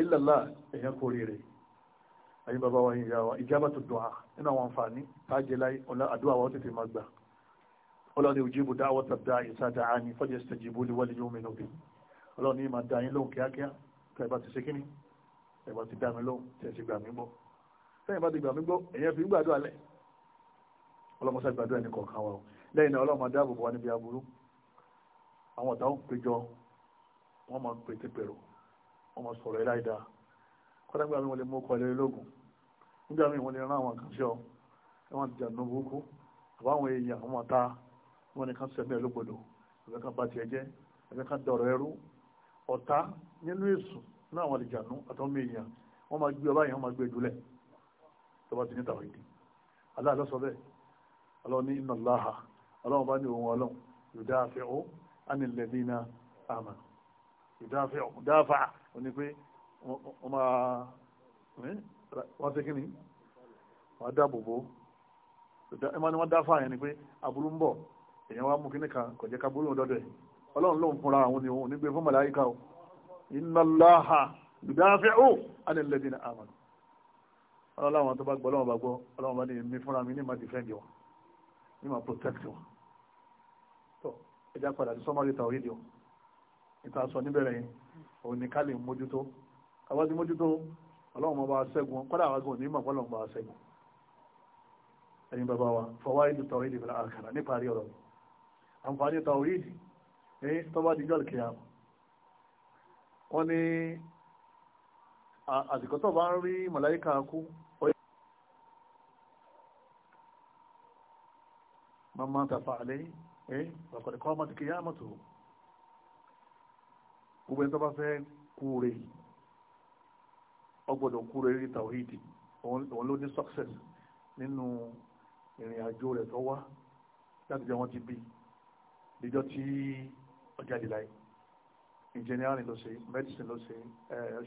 illallah èèyàn kò rí rẹ̀ ayé bàbá wa yìí yàwá ijabatu du'a nínú àwọn àǹfààní tájẹ láyé ọ̀la àdúrà wa ó tètè máa gbà ọlọ́ni ujibu da'wata da'i idha da'ani fajastajibu li wal yu'minu bi ọlọ́ni máa dá yín lóhùn kíákíá tẹ̀ ti ṣe kíní tẹ̀ ti dá mi lóhùn tẹ̀ gbà mí bọ̀ sẹ́yìn bá ti gbà mí gbọ́ èyàn fi gbàdúrà lẹ̀ ọlọ́mọṣẹ́ gbàdúrà ní kọ̀ọ̀kan wa o lẹ́yìn náà ọlọ́mọ dáàbò bò wá níbi aburú àwọn ọ̀tá ń péjọ wọ́n máa ń pété pèrò wọ́n máa sọ̀rọ̀ ẹ̀ láìda kọ́dà gbà mí wọ́n lè mú ọkọ̀ ilé lógun nígbà mí wọ́n lè rán àwọn àkànṣe ọ ẹ̀wọ̀n ti jàǹdùn burúkú àbáwọn èèyàn àwọn ọ̀tá wọn ni ká sẹ́mi ẹ̀ lógbodò ẹ̀fẹ́ ká bá tiẹ̀ jẹ́ ẹ̀fẹ́ wọ́n máa gbé ọba yẹn wọ́n máa gbé dulẹ̀ e tó bá ti ní tàwídì Allah ló sọ bẹ́ẹ̀ Allah ní inna Allaha Allah bá ní òun ọlọ́run yudafi'u anil ladina amanu yudafi'u dáfà ó ní pé wọ́n máa wọ́n ṣe kí ni wọ́n dáàbò bò ẹ máa ní wọ́n dáfà yẹn ni pé aburú ń bọ̀ èèyàn wá mú kí nìkan kò jẹ́ ká burú ẹ̀ ọlọ́run lóun fúnra àwọn ni òun nígbè fún màláyíká o inna Allaha yudafi'u anil ladina amanu ọlọ́láwọn tó bá gbọ́ ọlọ́wọ́n bá gbọ́ ọlọ́wọ́n bá ní mi fúnra mi ní ma defend wọn ní ma protect wọn tó ẹja padà sí sọ́mọ́rì tàwọn ìdí wọn níta sọ níbẹ̀rẹ̀ yẹn òun ni ká lè mójútó àwọn ti mójútó ọlọ́wọ́n bá ṣẹ́gun kọ́dà àwọn agbọ̀n ní mọ̀ ọlọ́wọ́n bá ṣẹ́gun ẹ̀yin bàbá wa fọwọ́ ìlú tàwọn ìdí bẹ̀rẹ̀ àkàrà níparí ọ̀rọ̀ àǹfààní tàwọn ìdí ní tọ́ba díjọ́ kìíyà wọ́n ní àsìkò tó bá ń rí màláíkà kú من مات فعليه ايه وقد قامت قيامته gbogbo ẹni tó bá fẹ́ kúre ọgbọ́dọ̀ kúre rí tàwídì òun ló ní success nínú ìrìn àjò rẹ̀ tó wá láti jẹ́ wọ́n ti bí ìjọ tí ọjà lè láì engineering ló ṣe medicine ló ṣe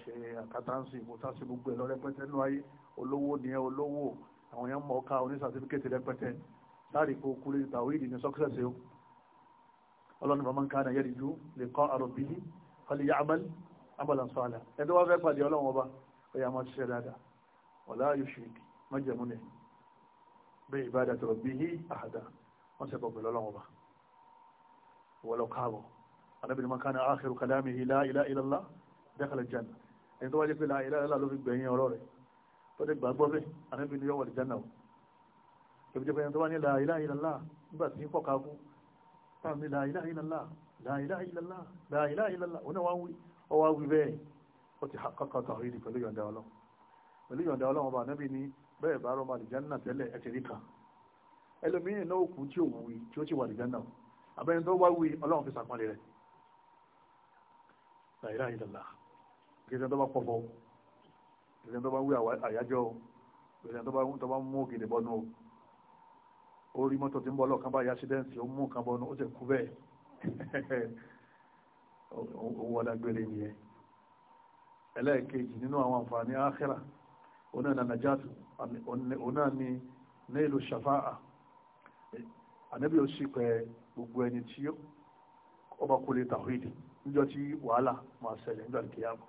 ṣe accountancy accountancy gbogbo ẹ̀ lọ rẹpẹtẹ nínú ayé olówó ni ẹ olówó àwọn yẹn mọ̀ ọ́ ká oní certificate rẹpẹtẹ láàrí kó kú lórí tàwíìdì ní sọ́kẹ́sẹ̀ o ọlọ́run bá máa ń kánà yẹ́rì ju lè kọ́ àròbí fali ya'mal amalan salih ẹni tó wá fẹ́ pàdé ọlọ́run ọba ó yà máa ṣiṣẹ́ dáadáa wala yushrik májẹ̀mú ni bí ibadati rabbihi ahada wọ́n ṣe bọ̀bẹ̀ lọ́lọ́run ọba wọlé káàbọ̀ anábìrin máa kánà akhiru kalamihi la ilaha illallah dakhala al-janna ẹni tó yóò wọlé tòbíjẹ́pẹ̀yàn tó wá ní la ilaha illallah nígbà tí kọ́ kakú táàmì la ilaha illallah la ilaha illallah la ilaha illallah oní wá wí ọwá wí bẹ́ẹ̀ ó ti kọ́kọ́ tọ̀ rí ni pẹ̀lú yọ̀ǹda ọlọ́run pẹ̀lú yọ̀ǹda ọlọ́run ọba anábì ní bẹ́ẹ̀ bá rọmọ àlìjánà tẹ́lẹ̀ ẹ̀tì rí kan ẹlòmíràn náà kú tí ò wí tí ó ti wà àlìjánà abẹ́ni tó wá wí ọlọ́run fi sàpọ́nlé rẹ̀ la ilaha illallah kí orí mọ́tò tí ń bọ́ lọ́kàn bá yá ṣídẹ́ǹsì ó mú nǹkan bọ́nu ó sì kú bẹ́ẹ̀ owó ọ̀dàgbére nìyẹn ẹlẹ́ẹ̀kejì nínú àwọn àǹfààní ákhírà oná ní najatu oná ní nílùú shafa'a ànábì ó sì pẹ gbogbo ẹni tí ó bá kólé tàwídì níjọ tí wàhálà máa ṣẹlẹ̀ nígbà kíyàmù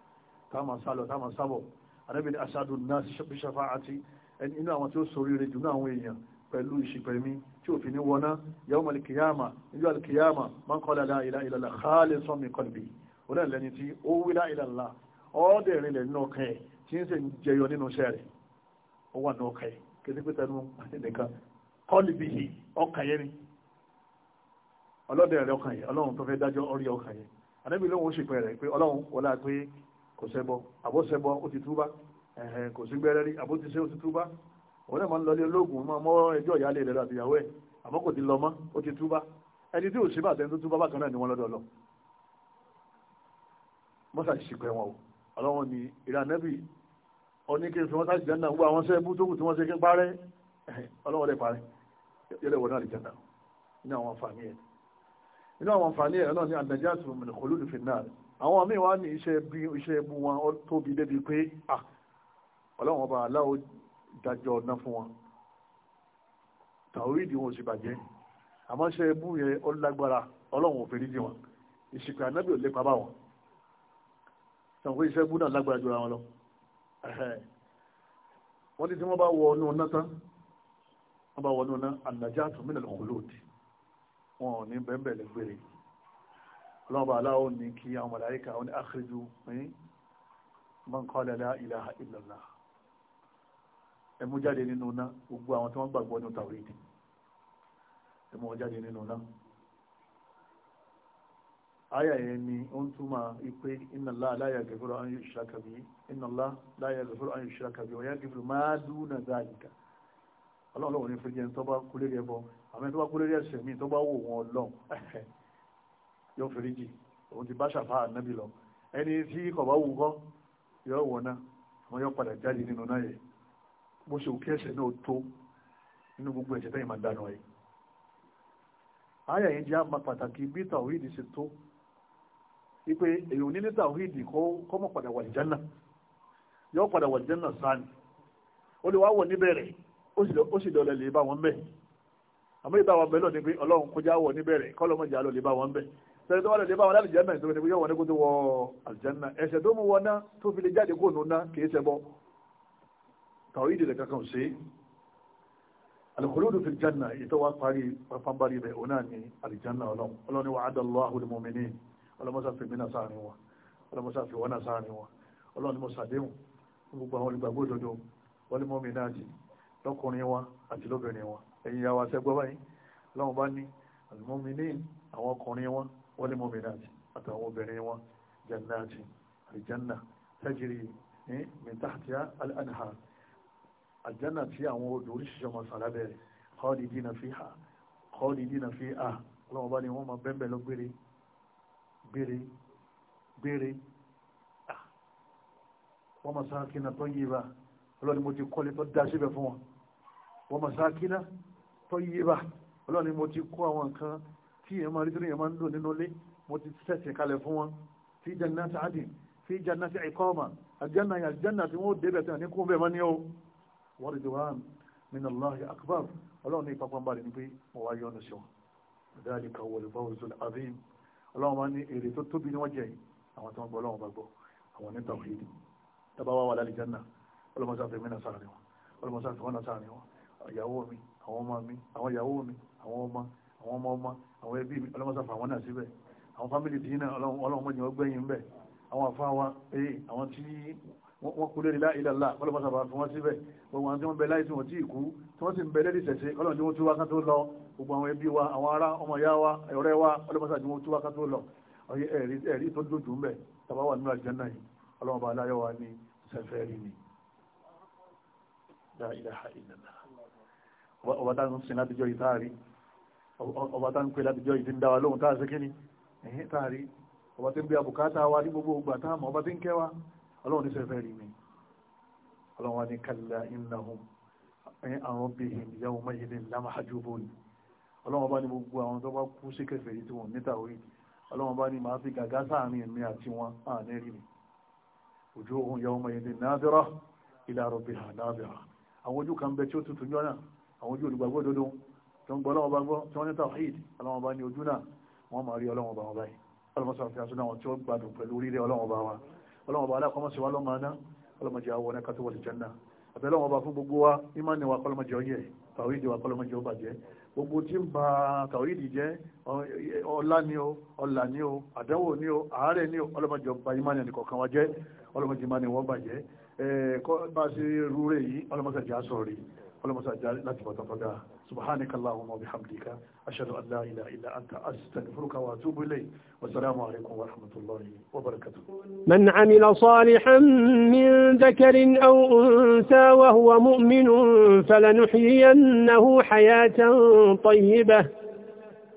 táwọn máa pẹ̀lú ìṣìpẹ̀mí tí òfin ní wọná yawm al-qiyama níjọ al-qiyama man qala la ilaha illallah khalisan min qalbi olóòlẹ́ni tí ó wí la ilallah ọ́dẹ̀rin lẹ̀ nínú ọkàn ẹ̀ tí ń sì ń jẹyọ nínú iṣẹ́ rẹ̀ ó wà ní ọkàn ẹ̀ kété pé tẹnu nìkan kọ́lì bí i ọkàn yẹn ni ọlọ́dẹ̀rin ọkàn yẹn ọlọ́run tó fẹ́ dájọ́ orí ọkàn yẹn òun náà máa ń lọlé ológun máa mọ́ ẹjọ́ ìyáálé rẹ̀ àti ìyàwó ẹ̀ àmọ́ kò ti lọ mọ́ ó ti túbá ẹni tí ò ṣe bàtẹ́ tó túbá bákan náà ni wọ́n lọ́dọ̀ lọ mọ́sà ti ṣìpẹ́ wọn o ọlọ́wọ́n ni ìrànẹ́bì oníkè fún wọn sáà jẹ́ náà wọ àwọn sẹ́ẹ̀mú tó kù tí wọ́n ṣe kí ń parẹ́ ọlọ́wọ́n lẹ̀ parẹ́ yẹ́lẹ̀ wọ́n náà lè jẹ́ náà ní àwọn dájọ́ ọ̀nà fún wọn tàwíìdì wọn ò sì bàjẹ́ àmọ́ ṣe é bú yẹn ó lágbára ọlọ́run òfin nídìí wọn ìsìnkú ànábì ò lépa bá wọn sàǹkó iṣẹ́ bú náà lágbára jura wọn lọ wọ́n ti tí wọ́n bá wọ ọ̀nà ọ̀nà tán wọ́n bá wọ ọ̀nà ọ̀nà ànàjáàtò mí wọn ò ní bẹ́ẹ̀bẹ̀lẹ̀ gbére ọlọ́ọ̀bà aláwọ̀ ní kí àwọn màláíkà ẹmú jáde nínú iná gbogbo àwọn tí wọ́n gbàgbọ́ ní tàwíìdì ẹmú wọn jáde nínú iná aya yẹn ni ó ń túmọ̀ ipe inna Allah la yaghfiru an yushraka bihi inna Allah la yaghfiru an yushraka bihi wa yaghfiru ma duna dhalika ọlọ́run ní fún jẹun tó bá kú lérí ẹbọ àmì tó bá kú lérí ẹsẹ̀ mi tó bá wò wọn lọ́n yóò fèrè jì òun lọ yóò wọ̀ náà bó ṣe òkè ẹ̀ṣẹ̀ náà tó inú gbogbo ẹ̀ṣẹ̀ tẹ́yìn máa dànù ẹ̀ àyà yẹn jẹ́ àmà pàtàkì bí tàwíìdì ṣe tó wípé èèyàn nílé tàwíìdì kọ́ mọ̀ padà wà jẹ́nà yọ padà wà jẹ́nà sáni ó lè wá wọ̀ níbẹ̀rẹ̀ ó sì dọ̀lẹ̀ lè bá wọn bẹ̀ àmọ́ ìbá wọn bẹ̀ lọ ni pé ọlọ́run kọjá wọ̀ níbẹ̀rẹ̀ kọ́lọ́mọjà lọ lè bá wọn bẹ̀ sẹ́yìn tàwọn ìdílé kankan ṣe alkhuludu fil janna ètò wa parí pàpàbárí rẹ̀ òun náà ní aljanna ọlọ́run ọlọ́run ni wa'ada Allahu al-mu'minin ọlọ́mọsá fi mínà sáàrin wa ọlọ́mọsá fi wọ́nà sáàrin wa ọlọ́run ni mo sàdéhùn gbogbo àwọn olùgbàgbọ́ òdodo wal mu'minati lọ́kùnrin wa àti lóbìnrin wa ẹ̀yin yà wá sẹ́gbọ́ báyìí ọlọ́run bá ní al-mu'minin àwọn ọkùnrin wa wal mu'minati àtàwọn obìnrin wa jannati aljanna tajri eh, min tahtiha al-anhar àjánà tí àwọn odò oríṣiríṣi ọmọ sàn lábẹ́rẹ̀ kọ́ọ̀dì dínà fi hà kọ́ọ̀dì dínà fi hà ọlọ́wọ́n bá ní wọ́n máa bẹ́ẹ̀ bẹ́ẹ̀ lọ gbére gbére gbére wọ́n máa sáàkínà tó yé bá ọlọ́ni mo ti kọ́lé tó dá síbẹ̀ fún wọn wọ́n máa sáàkínà tó yé bá ọlọ́ni mo ti kó àwọn nǹkan tí èèyàn máa rí tó èèyàn máa ń lò nínú ilé mo ti sẹ̀sẹ̀ kalẹ̀ fún wọn fi jannati adin fi jannati iqama àjánà àjánà tí wọ́n débẹ̀ tí wọ́n ní kó bẹ́ẹ̀ máa ní ọ́ wọ́n rí diwan nínú Allahi akbar ọlọ́run ní ìpapọ̀ bá rẹ̀ ní pé wọ́n wá yọ́nu sí wọn dáàlì kan wọlé bá òzò azim ọlọ́run máa ní èrè tó tóbi ni wọ́n jẹ àwọn tó ń gbọ́ ọlọ́run bá gbọ́ àwọn ní tawhid tábà wà wà lálẹ́ jẹ́nà ọlọ́mọsáfẹ́ mẹ́nà sáà ni wọn ọlọ́mọsáfẹ́ mẹ́nà sáà ni wọn ìyàwó mi àwọn ọmọ mi àwọn ìyàwó mi àwọn ọmọ àwọn ọmọ ọmọ àwọn ẹbí mi ọlọ́mọsáfẹ́ àwọn náà síbẹ̀ àwọn fámìlì tìyín náà ọlọ́run mọ́jọ́ gbẹ́yìn bẹ́ẹ̀ àwọn àfáà wa ee eh, àwọn tí wọ́n kú lórí láìlàlá ọlọ́mọsàbà fún wọn síbẹ̀ gbogbo àwọn tí wọ́n bẹ láìsí wọn tí ìkú tí wọ́n sì ń bẹ lẹ́dí sẹ̀sẹ̀ ọlọ́run tí wọ́n tú wákàtí ó lọ gbogbo àwọn ẹbí wa àwọn ará ọmọ ìyá wa ọ̀rẹ́ wa ọlọ́mọsàbà tí wọ́n tú wákàtí ó lọ ẹ̀rí tó dùn ń bẹ̀ tàbá wà nínú àjẹ́ náà ọlọ́mọba aláyọ̀ wa ní sẹ̀fẹ́ rí ni ọba tá ń sin látijọ́ yìí táàrí ọba tá ń pè látijọ́ yìí tí ń dá wa lóhun táà sí kíní ẹ̀yìn táàrí ọba tí ń bí abùkátà wa ní gbogbo ògbà táàmù ọba tí ń kẹ́ wa ọlọ́run ní sẹ́fẹ́ rí mi ọlọ́run wa ní kalla innahum àwọn bihim yawma idhin lamahjubun ọlọ́run bá ní gbogbo àwọn tó bá kú sí kẹfẹ́ yìí tí wọ́n níta orí ọlọ́run bá ní màá fi gàgá sáàrin èmi àti wọn àní rí mi wujuhun yawma idhin nadira ila rabbiha nadira àwọn ojú kan bẹ tí ó tutù jọ́nà àwọn ojú olùgbàgbọ́ dodo tó ń gbọ́ ọlọ́run bá gbọ́ tí wọ́n ní ọlọ́wọ́n bá alákọ̀ọ́mọ́sí wa lọ́mọ aná ọlọ́mọdé àwọn ọ̀nà kátó wọlé jẹ́nà àbẹ́lọ́wọ́n bá fún gbogbo wa ìmánì wa kọ́lọ́mọdé ọyẹ tàwídì wa kọ́lọ́mọdé ọba jẹ́ gbogbo tí ń ba tàwídì jẹ́ ọlá ni o ọlà ni o àdánwò ni o àárẹ̀ ni o ọlọ́mọdé ọba ìmánì ẹnì kọ̀ọ̀kan wa jẹ́ ọlọ́mọdé ìmánì wọn bàjẹ́ bá a ṣe rúre yìí ọlọ́mọdé àjà sọ̀rọ̀ rí ọlọ́mọdé àjà láti bọ̀ tọ́tọ́ dáa سبحانك اللهم وبحمدك أشهد أن لا إله إلا أنت أستغفرك وأتوب إليك والسلام عليكم ورحمة الله وبركاته من عمل صالحا من ذكر أو أنثى وهو مؤمن فلنحيينه حياة طيبة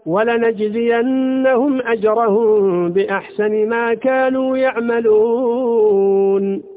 ولنجزينهم أجرهم بأحسن ما كانوا يعملون